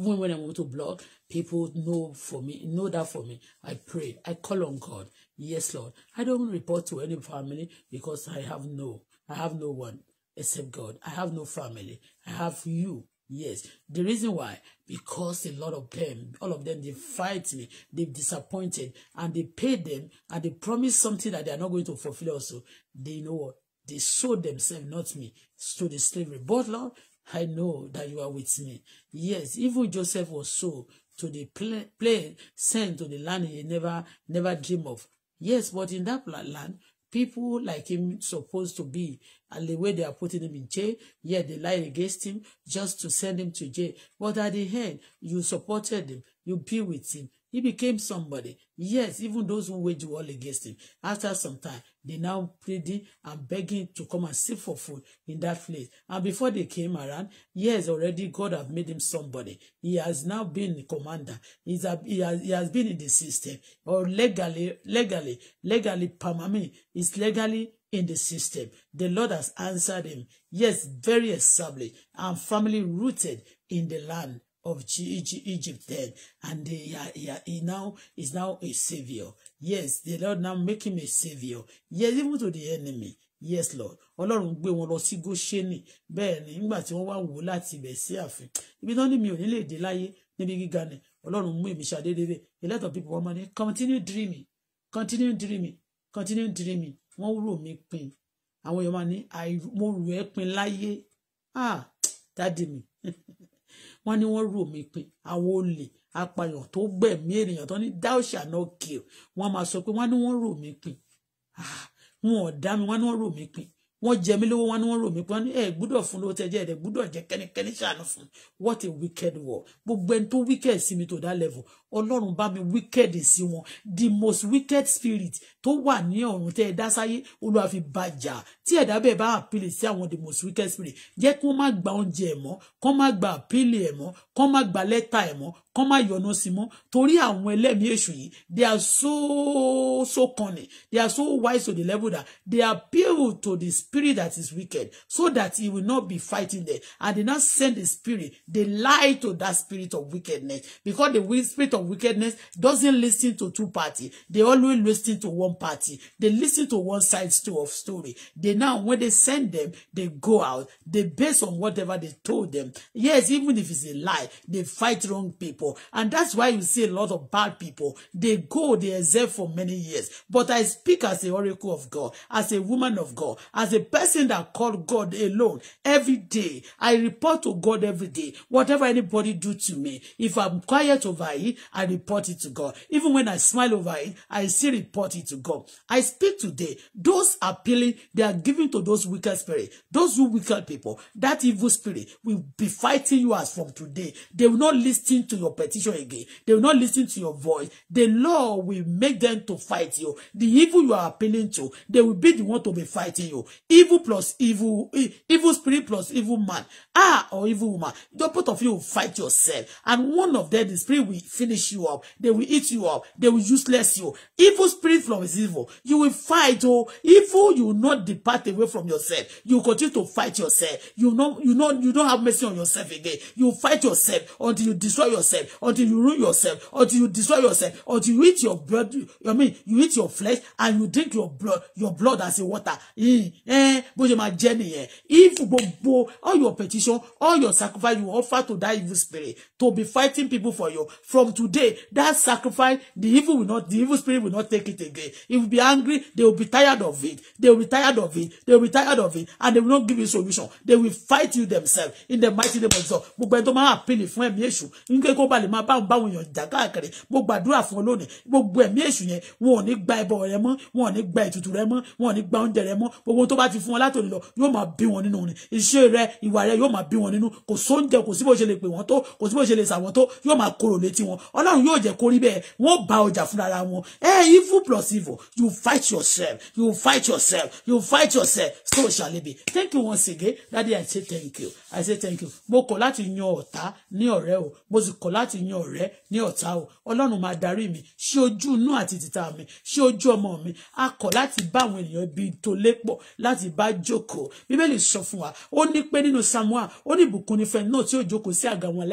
even when I want to blog, people know for me, know that for me. I pray, I call on God. Yes, Lord. I don't report to any family because I have no, I have no one except God. I have no family. I have you. Yes, the reason why because a lot of them, all of them, they fight me, they've disappointed, and they pay them, and they promise something that they are not going to fulfill. Also, they know what they sold themselves, not me, to the slavery. But Lord, I know that you are with me. Yes, even Joseph was sold to the plane, sent to the land he never, never dreamed of. Yes, but in that land, people like him supposed to be and the way they are putting him in jail yet they lie against him just to send him to jail but at the end you supported him you be with him He became somebody. Yes, even those who waged war against him. After some time, they now pleading and begging to come and seek for food in that place. And before they came around, yes, already God have made him somebody. He has now been commander. He's a, he, has, he has been in the system. Or legally, legally, legally, permanent. is legally in the system. The Lord has answered him. Yes, very established and firmly rooted in the land of Egypt then, and he, he, he now is now a savior. Yes, the Lord now make him a savior. Yes, even to the enemy. Yes, Lord. Ọlọ́run gbé wọn lọ sí Góṣẹ́nì bẹ́ẹ̀ ni nígbà tí wọ́n wá wò láti ibẹ̀ sí ààfin ibi náà ni mi ò ní lè dé láyé níbi gíga ni Ọlọ́run mú èmi ṣàdédé bẹ́ẹ̀ a lot of people wọ́n máa ní continue dreaming continue dreaming continue dreaming wọ́n rò mí pin àwọn èèyàn máa ní mo rò ẹ́ pin láyé ah dáàdi mi wọ́n ní wọ́n rò mí pin àwọn olè apààyàn tó gbẹ̀mí ènìyàn tó ní thou shall not kill wọ́n máa sọ pé wọ́n ní wọ́n rò mí pin ah, wọn ò dá mi wọ́n ní wọ́n rò mí pin wọ́n jẹ mí lówó wọ́n ní wọ́n rò mí pin ẹ gbúdọ̀ fún lówó tẹjẹ ẹ gbúdọ̀ jẹ kẹ́nikẹ́ni ṣàánú fún what a wicked war gbogbo ẹni tó wicked sí mi tó dá level ọlọ́run bá mi wicked sí wọn the most wicked spirit tó wà ní ọ̀run tẹ́ ẹ dá sáyé olúwa fi bàjà tí ẹ̀dá bẹ́ẹ̀ bá àpilẹ̀ sí àwọn the most wicked spirit jẹ́ kí wọ́n má gba oúnjẹ ẹ̀ mọ́ kán má gba àpilẹ̀ ẹ̀ mọ́ kán má gba lẹ́tà ẹ̀ mọ́ kán má yọnu sí mọ́ torí àwọn ẹlẹ́mìí èṣù yìí they are so so cunning they are so wise to the level that they appeal to the spirit that is wicked so that he will not be fighting them and they now send the spirit they lie to that spirit of wickedness because the spirit of wickedness doesn't listen to two party they always listen to one party they listen to one side of story they now when they send them they go out they based on whatever they told them yes even if it's a lie they fight wrong people and that's why you see a lot of bad people they go they exert for many years but I speak as the oracle of God as a woman of God as a person that called God alone every day I report to God every day whatever anybody do to me if I'm quiet over it I report it to God. Even when I smile over it, I still report it to God. I speak today. Those appealing, they are given to those wicked spirits, those who wicked people. That evil spirit will be fighting you as from today. They will not listen to your petition again. They will not listen to your voice. The law will make them to fight you. The evil you are appealing to, they will be the one to be fighting you. Evil plus evil, e, evil spirit plus evil man, ah, or evil woman. The both of you will fight yourself. And one of them, the spirit will finish finish you up. They will eat you up. They will useless you. Evil spirit from is evil. You will fight. Oh, evil, you will not depart away from yourself. You continue to fight yourself. You know, you know, you don't have mercy on yourself again. You fight yourself until you destroy yourself, until you ruin yourself, until you destroy yourself, until you eat your blood. I mean, you eat your flesh and you drink your blood, your blood as a water. Mm, eh, bó ṣe máa jẹ́ nìyẹn. If gbogbo all your petition, all your sacrifice you offer to that evil spirit to be fighting people for you from today today that sacrifice the evil will not the evil spirit will not take it again if you be angry they will be tired of it they will be tired of it they will be tired of it and they will not give you solution they will fight you themselves in the mighty name of Jesus gbogbo ẹni tó máa àpèlè fún ẹ̀mí èṣù nígbà kó ba máa báwọn báwọn èèyàn jà káàkiri mo gbàdúrà fún ọ lónìí gbogbo ẹ̀mí èṣù yẹn wọn ò ní gba ẹbọ rẹ mọ́ wọn ò ní gba ètùtù rẹ mọ́ wọn ò ní gba oúnjẹ rẹ mọ́ gbogbo tó bá ti fún ọ látòlè lọ yóò máa bí wọn nínú ni iṣẹ́ rẹ ìwà rẹ yóò máa bí wọn nínú kò sóúnjẹ kò sí bó ṣe lè pè wọn tó kò sí bó ṣe lè sàwọn tó yóò máa korò létí wọn ọlọ́run yóò jẹ́ kó rí bẹ́ẹ̀ wọ́n bá ọjà fúnra wọn ẹ evil plus evil you fight yourself you fight yourself you fight yourself so shall it be thank you once again daddy i say thank you i say thank you mo kọ̀ láti yan ọ̀tá ní ọ̀rẹ́ o mo sì kọ̀ láti yan ọ̀rẹ́ ní ọ̀tá o ọlọ́run máa darí mi ṣe ojú inú àti títà mi ṣe ojú ọmọ mi a kọ̀ láti bá àwọn ènìyàn ibi tó lépọ̀ láti bá jókòó bíbélì sọ fún wa ó ní pé nínú samuel ó ní ìbùkún nífẹ̀ẹ́ náà tí ó jókòó sí àga wọn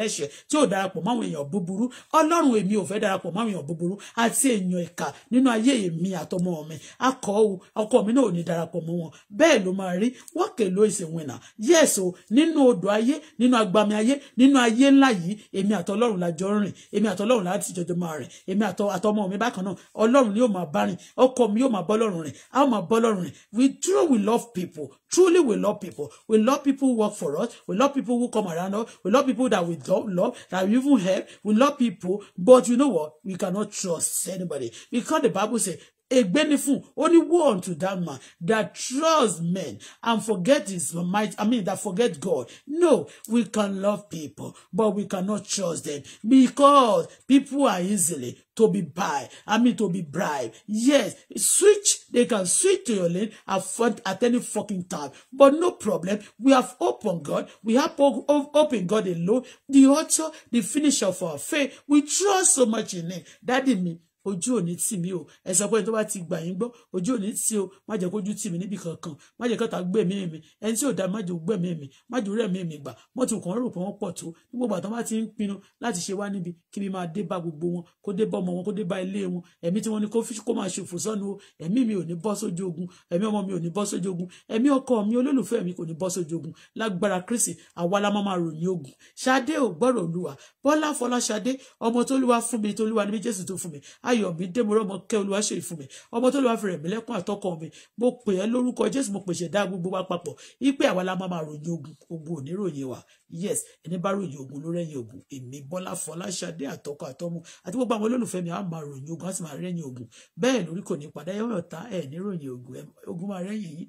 tí ó darapọ̀ máwọn èèyàn búburú ọl ọlọ́run èmi ò fẹ́ darapọ̀ mọ́ àwọn búburú àti èèyàn ẹ̀ka nínú ayé èmi àtọmọ mi akọ o ọkọ mi náà ò ní darapọ̀ mọ́ wọn bẹ́ẹ̀ ló máa rí wọ́ọ̀kẹ̀ ló ìsìn wìnà yẹ́ẹ̀sì o nínú odò ayé nínú agbami ayé nínú ayé ńlá yìí èmi àtọlọ́run lájọ rìn èmi àtọlọ́run láti jọjọ máa rìn èmi àtọmọ mi bákan náà ọlọ́run ni yóò máa bá rìn ọkọ mi yóò máa bọ́lọ́run rìn a ó máa bọ́lọ́run rìn we true we love people Truly, we love people. We love people who work for us. We love people who come around us. We love people that we don't love, that we even help. We love people. But you know what? We cannot trust anybody. Because the Bible says, ègbé ni fún ó ní woe that man that trusts men and forget his might i mean that forget god no we can love people but we cannot trust them because people are easily to be buy i mean to be bribe. yes switch they can switch to your lane at, at any fucking time but no problem we have hope god we have open god alone the author the finisher of our faith we trust so much in him that didn't mean ojú ò ní tì mí o ẹ sọ pé tó bá ti gbà yín gbọ́ ojú ò ní tì o má jẹ́ kójú tì mí níbì kankan má jẹ́ kọta gbẹ̀mí mi ẹni tí ò dá má jẹ́ gbẹ̀mí mi má jẹ́ rẹ mi mi gbà wọn ti kàn rò pé wọn pọ̀ tó gbogbo àtọ bá ti ń pinnu láti ṣe wá níbi kí mi máa dé bá gbogbo wọn kó dé bá ọmọ wọn kó dé bá ilé wọn ẹ̀mí tí wọ́n ní kó máa ṣòfò sọnù o ẹ̀mí mi ò ní bọ́ sójú ogun ẹ̀mí ọmọ mi ò ní bọ́ sójú ogun ẹ̀mí ọkọ mi olólùfẹ́ mi kò ní bọ́ sójú ogun lágbára Kristi àwa la máa ròyìn ogun ṣadé ò gbọ́rọ̀ olúwa bọ́lá fọlá ṣadé ọmọ tó fún mi tó níbi Jésù tó fún mi á ayọ̀bí démọ́rọ́mọ kẹ́ olúwa ṣe ìfún mi ọmọ tó lọ́wọ́ fi rẹ̀ mí lẹ́kùn àtọkọ mi mo pè ẹ́ lórúkọ jésù mo pèsè dá gbogbo wa papọ̀ ipe àwa la máa máa ròyìn ogun ogun òní wa yes ẹni bá ròyìn ogun ló rẹ́yìn ogun èmi bọ́lá fọláṣadé àtọkọ àtọmú àti gbogbo àwọn olólùfẹ́ mi á máa ròyìn ogun á sì máa rẹ́yìn ogun bẹ́ẹ̀ lórí kò ní padà ẹ̀yọ́ ọ̀tá ẹ̀ ní ròyìn ogun ogun máa rẹ́yìn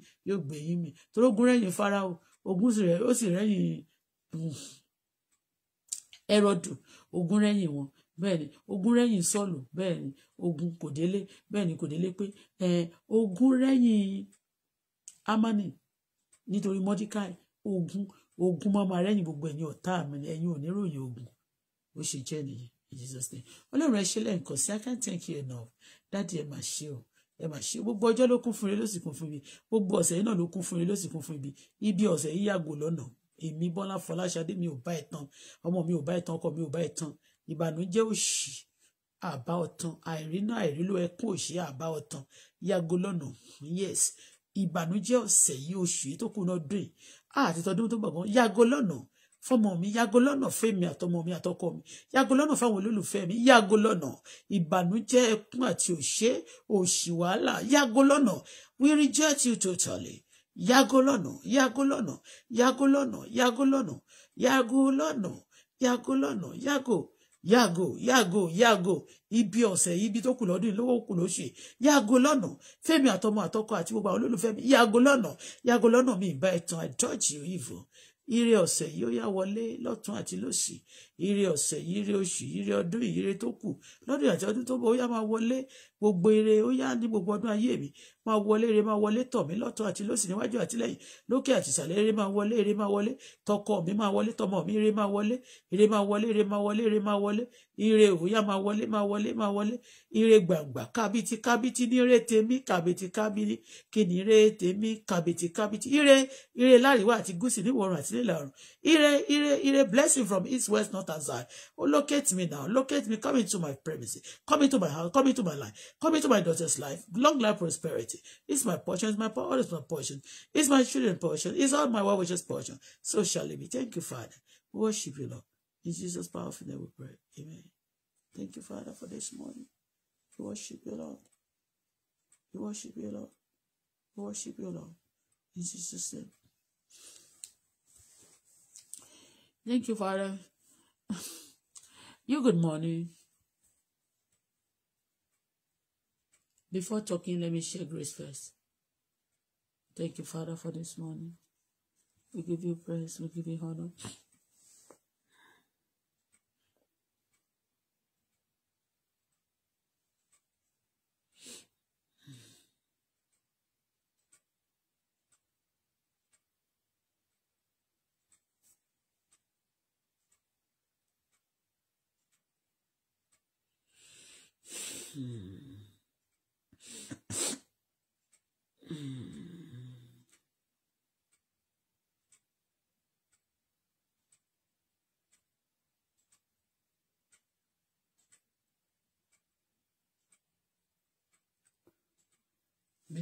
yín yóò bẹ́ẹ̀ ni ogun rẹ́yìn sọ́ọ̀lù bẹ́ẹ̀ ni ogun kò délé bẹ́ẹ̀ kò délé pé ẹ ogun rẹ́yìn amani nítorí mọ́díkàì ogun ogun máa ma rẹ́yìn gbogbo ẹ̀yin ọ̀tá mi ẹ̀yin ò ogun ó ṣe jẹ́ nìyẹn in Jesus name ọlọ́run ẹ ṣe lẹ́ǹkan sí I can't thank you enough dáàdi ẹ máa ṣe o ẹ máa ṣe gbogbo ọjọ́ ló kún fún ire ló sì kún fún ibi gbogbo ọ̀sẹ̀ yìí náà ló kún fún ire ló sì kún fún ibi ibi ọ̀sẹ̀ yìí yàgò lọ́nà èmi Bọ́lá Fọláṣadé mi ò bá ẹ̀ tán ọmọ mi ò bá ẹ̀ tán ọkọ mi ò bá ẹ̀ tán ìbànújẹ́ òṣì àbá ọ̀tàn àìrínà àìrílò ẹkún òṣì àbá ọ̀tàn yàgò lọ́nà yes ìbànújẹ́ ọ̀sẹ̀ yìí oṣù yìí tó kù náà dùn yìí àti tọdún tó gbàgbọ́n yàgò lọ́nà fọmọ mi yàgò lọ́nà fẹ́mi àtọmọ mi àtọkọ mi yàgò lọ́nà fáwọn olólùfẹ́ mi yàgò lọ́nà ìbànújẹ́ ẹkún àti òṣè òṣì wàhálà yàgò lọ́nà we reject you totally yàgò lọ́nà yàgò lọ́nà yàgò lọ́nà yàgò lọ́nà yàgò lọ́nà yàgò lọ́nà yàgò yàgò yàgò yàgò ibi ọ̀sẹ̀ ibi tó kù lọ́dún lówó kù lóṣù yàgò lọ́nà fẹ́mi àtọmọ àtọkọ àti gbogbo àwọn olólùfẹ́ mi yàgò lọ́nà yàgò lọ́nà mi ìbá ẹ̀tàn àìdọ́jì òyìnbó ire ọ̀sẹ̀ yìí yá wọlé lọ́tún àti lósì ire ọ̀sẹ̀ ire oṣù ire ọdún ire tó kù lọ́dún àti ọdún tó bọ̀ ó yá máa wọlé gbogbo ire ó yá ní gbogbo ọdún ayé mi máa wọlé ire máa wọlé tọ̀ mí lọ́tọ̀ àti lósì níwájú àti lẹ́yìn lókè àti ìsàlẹ̀ ire máa wọlé ire máa wọlé tọkọ mi máa wọlé tọmọ mi ire máa wọlé ire máa wọlé ire máa wọlé ire máa wọlé ire ó yá máa wọlé máa wọlé máa wọlé ire gbàngbà kábìtì kábìtì ní ire tèmi kábìtì kábìtì kí ni ire tèmi kábìtì kábìtì ire ire láríwá àti gúúsù níwọ̀rùn àti nílà ire ire ire blessing from east west north Baltazar. Oh, locate me now. Locate me. Come into my premises. Come into my house. Come into my life. Come into my daughter's life. Long life prosperity. It's my portion. It's my portion. It's my portion. It's my children's portion. It's all my well wishes portion. So shall it be. Thank you, Father. We worship you, Lord. In Jesus' powerful name we pray. Amen. Thank you, Father, for this morning. We worship you, Lord. We worship you, Lord. We worship you, Lord. In Jesus' name. Thank you, Father. you good morning. Before talking, let me share grace first. Thank you, Father, for this morning. We give you praise. We give you honor. May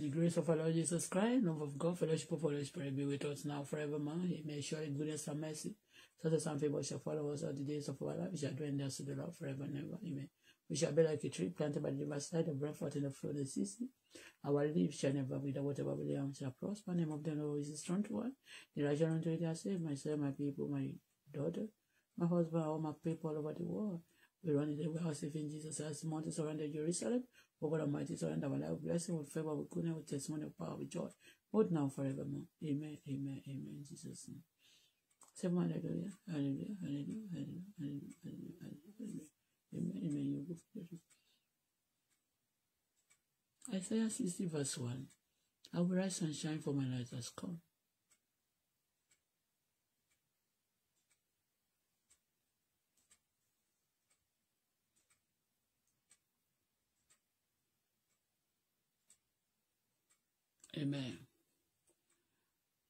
the grace of our Lord Jesus Christ, love of God, fellowship of Holy Spirit be with us now forever, forevermore. May surely goodness and mercy, such as some favor shall follow us all the days of our life. We shall dwell in the of the Lord forever and ever. Amen. We shall be like a tree planted by the riverside and bring forth in the flow of the season. Our leaves shall never wither, whatever we lay on shall prosper. The name of the Lord is a strong one. The righteous unto it are saved. Myself, my people, my daughter, my husband, all my people all over the world. We run in the warehouse of Jesus as mountains surrounded Jerusalem. Over the mighty surround our life, blessing with favor, with goodness, with testimony, with power, with joy. Both now forevermore. Amen, amen, amen. Jesus' Say hallelujah, hallelujah, hallelujah, hallelujah, hallelujah, hallelujah. Isaiah 60 verse 1. I will rise and shine for my light has come. Amen.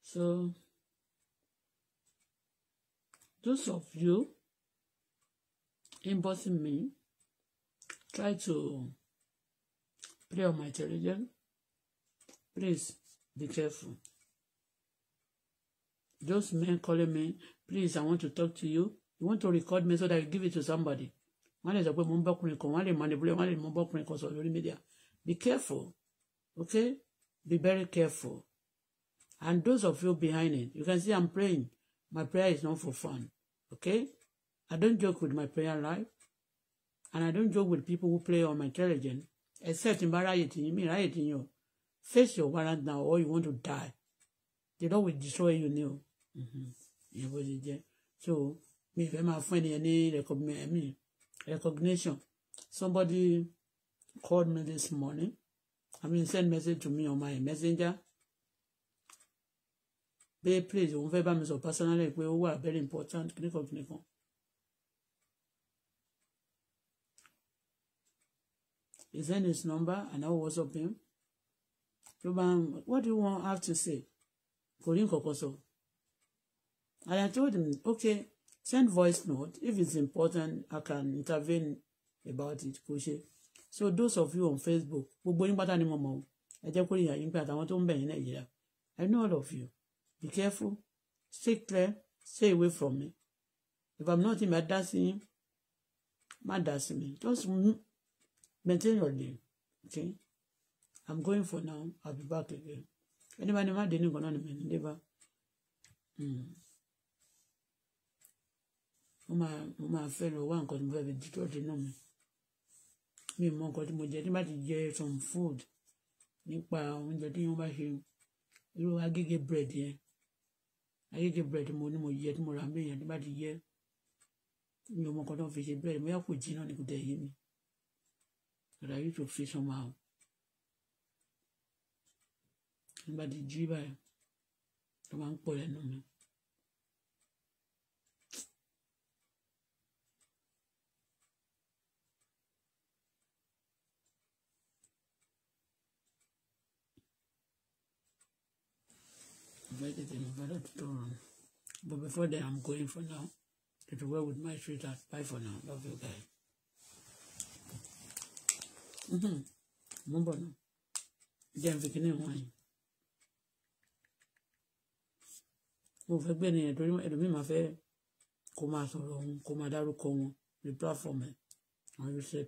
So, those of you inboxing me, try to pray on my intelligence. Please be careful. Those men calling me, please, I want to talk to you. You want to record me so that you give it to somebody. Wọ́n lè sọ pé mo ń bọ́kùnrin kan, wọ́n lè manipulate, wọ́n lè mo media. Be careful, okay? Be very careful. And those of you behind it, you can see I'm praying. My prayer is not for fun, okay? I don't joke with my prayer life. And I don't joke with people who play on my television. Except in rioting, you mean rioting you. Oh, face your warrant now or you want to die. The Lord will destroy you now. Mm-hmm. So, me if my friend any recognition. Somebody called me this morning. I mean, send message to me on my messenger. Babe, please, òun fẹ́ bá mi sọ personally pé ó wà very important kìnìkan He sent his number and I WhatsApp him. Ló what do you want have to say? Kò rí nǹkan And I told him, okay, send voice note. If it's important, I can intervene about it. Kò So those of you on Facebook, gbogbo yín pátá ni mo mọ̀ o. Ẹ jẹ́ kó yín pé àtàwọn I know all of you. Be careful. Stay clear. Stay away from me. If I'm not in my dancing, my dancing me. Just Maintain your day. Okay? I'm going for now. I'll be back again. Anybody má dé ní nǹkan náà ni mi ní dé bá. Mo máa mo máa fẹ́ lọ wá nǹkan tí mo fẹ́ fi dúró dé náà mi. Mi some food nípa oúnjẹ when wọ́n bá over irú You bread yẹn. get bread here. I get bread. tí mo rà mí yẹn tí má ti jẹ. Mi ò mọ nǹkan bread We have kò jí náà ni kò tẹ̀ Ìràyè to feel somehow. But tí jí báyìí, ló calling ń But before that, I'm going for now. Get will with my sweetheart. Bye for now. Love you guys. Mm-hmm. mo ń bọ̀ náà jẹ́ n fi kíní wọn yìí mo fẹ́ gbé ènìyàn torí ẹlòmíì máa fẹ́ kó máa sọ̀rọ̀ òun kó máa dárúkọ platform ẹ̀ àwọn yóò ṣe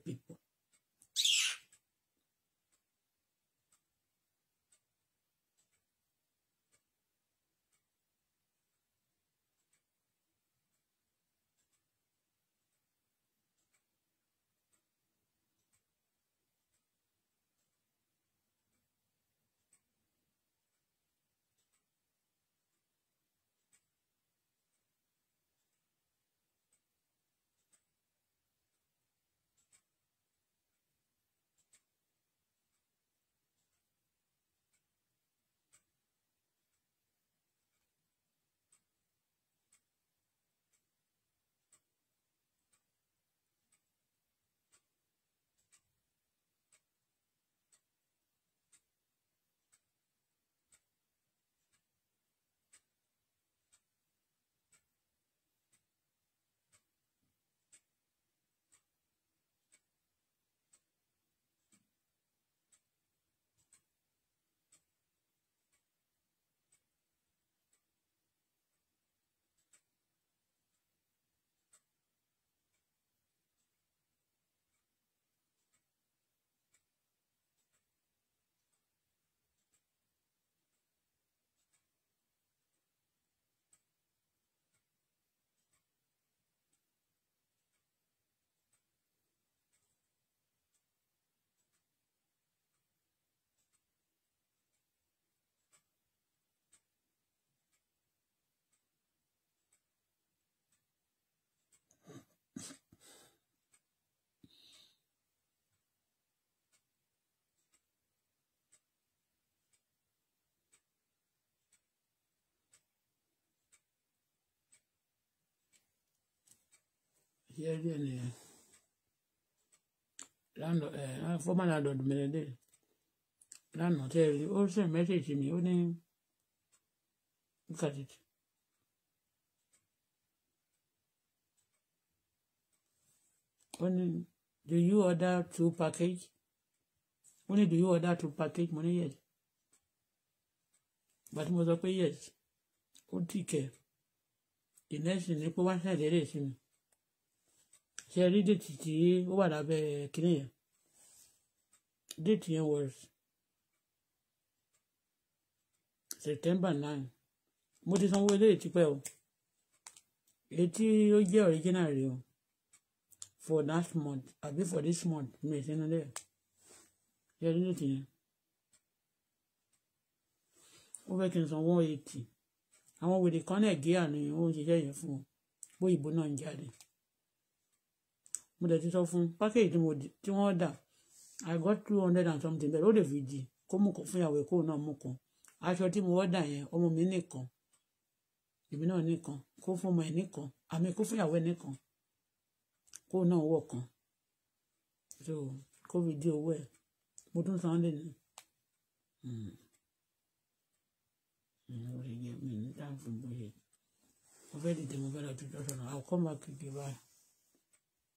díẹ̀ díẹ̀ nìyẹn lánàá ẹ former landlord mẹrẹdẹ lánàá tẹ rí message me. ó ní look at it. ó do you order two package ó do you order two package Money ní yes gbàtí mo sọ pé yes ó tì kẹ ìnẹ́sìn the pé wá the sí ṣe rí déètì tí ó wà lábẹ́ kínní yẹn déètì yẹn was September nine mo ti sanwó eléyìí tipẹ́ o èyí tí ó jẹ́ original rẹ̀ o for last month àbí for this month mi ò sínú lẹ́yìn ṣe rí déètì yẹn ó fẹ́ kí n san one eighty àwọn wèrè kan nàìjíríà ni ó ń ṣiṣẹ́ yẹn fún un bóyìnbó náà ń jáde mo dẹ̀ ti sọ fún package tí mo tí wọ́n dà i got two hundred and something bẹ́ẹ̀ ó lè fi di kó mú kan fún ìyàwó ẹ̀kọ́ náà mú kan aṣọ tí mo wọ́n dà yẹn ọmọ mi nìkan èmi náà nìkan kó fún ọmọ ẹ̀ nìkan àmì kó fún ìyàwó ẹ̀ nìkan kó náà wọ̀ kan so COVID fi di owó ẹ̀ mo tún san lé ní. Hmm. Hmm, mo fẹ́ dìde mo fẹ́ lọ tó tọ́sọ̀nà àwọn kọ́ máa kékeré báyìí.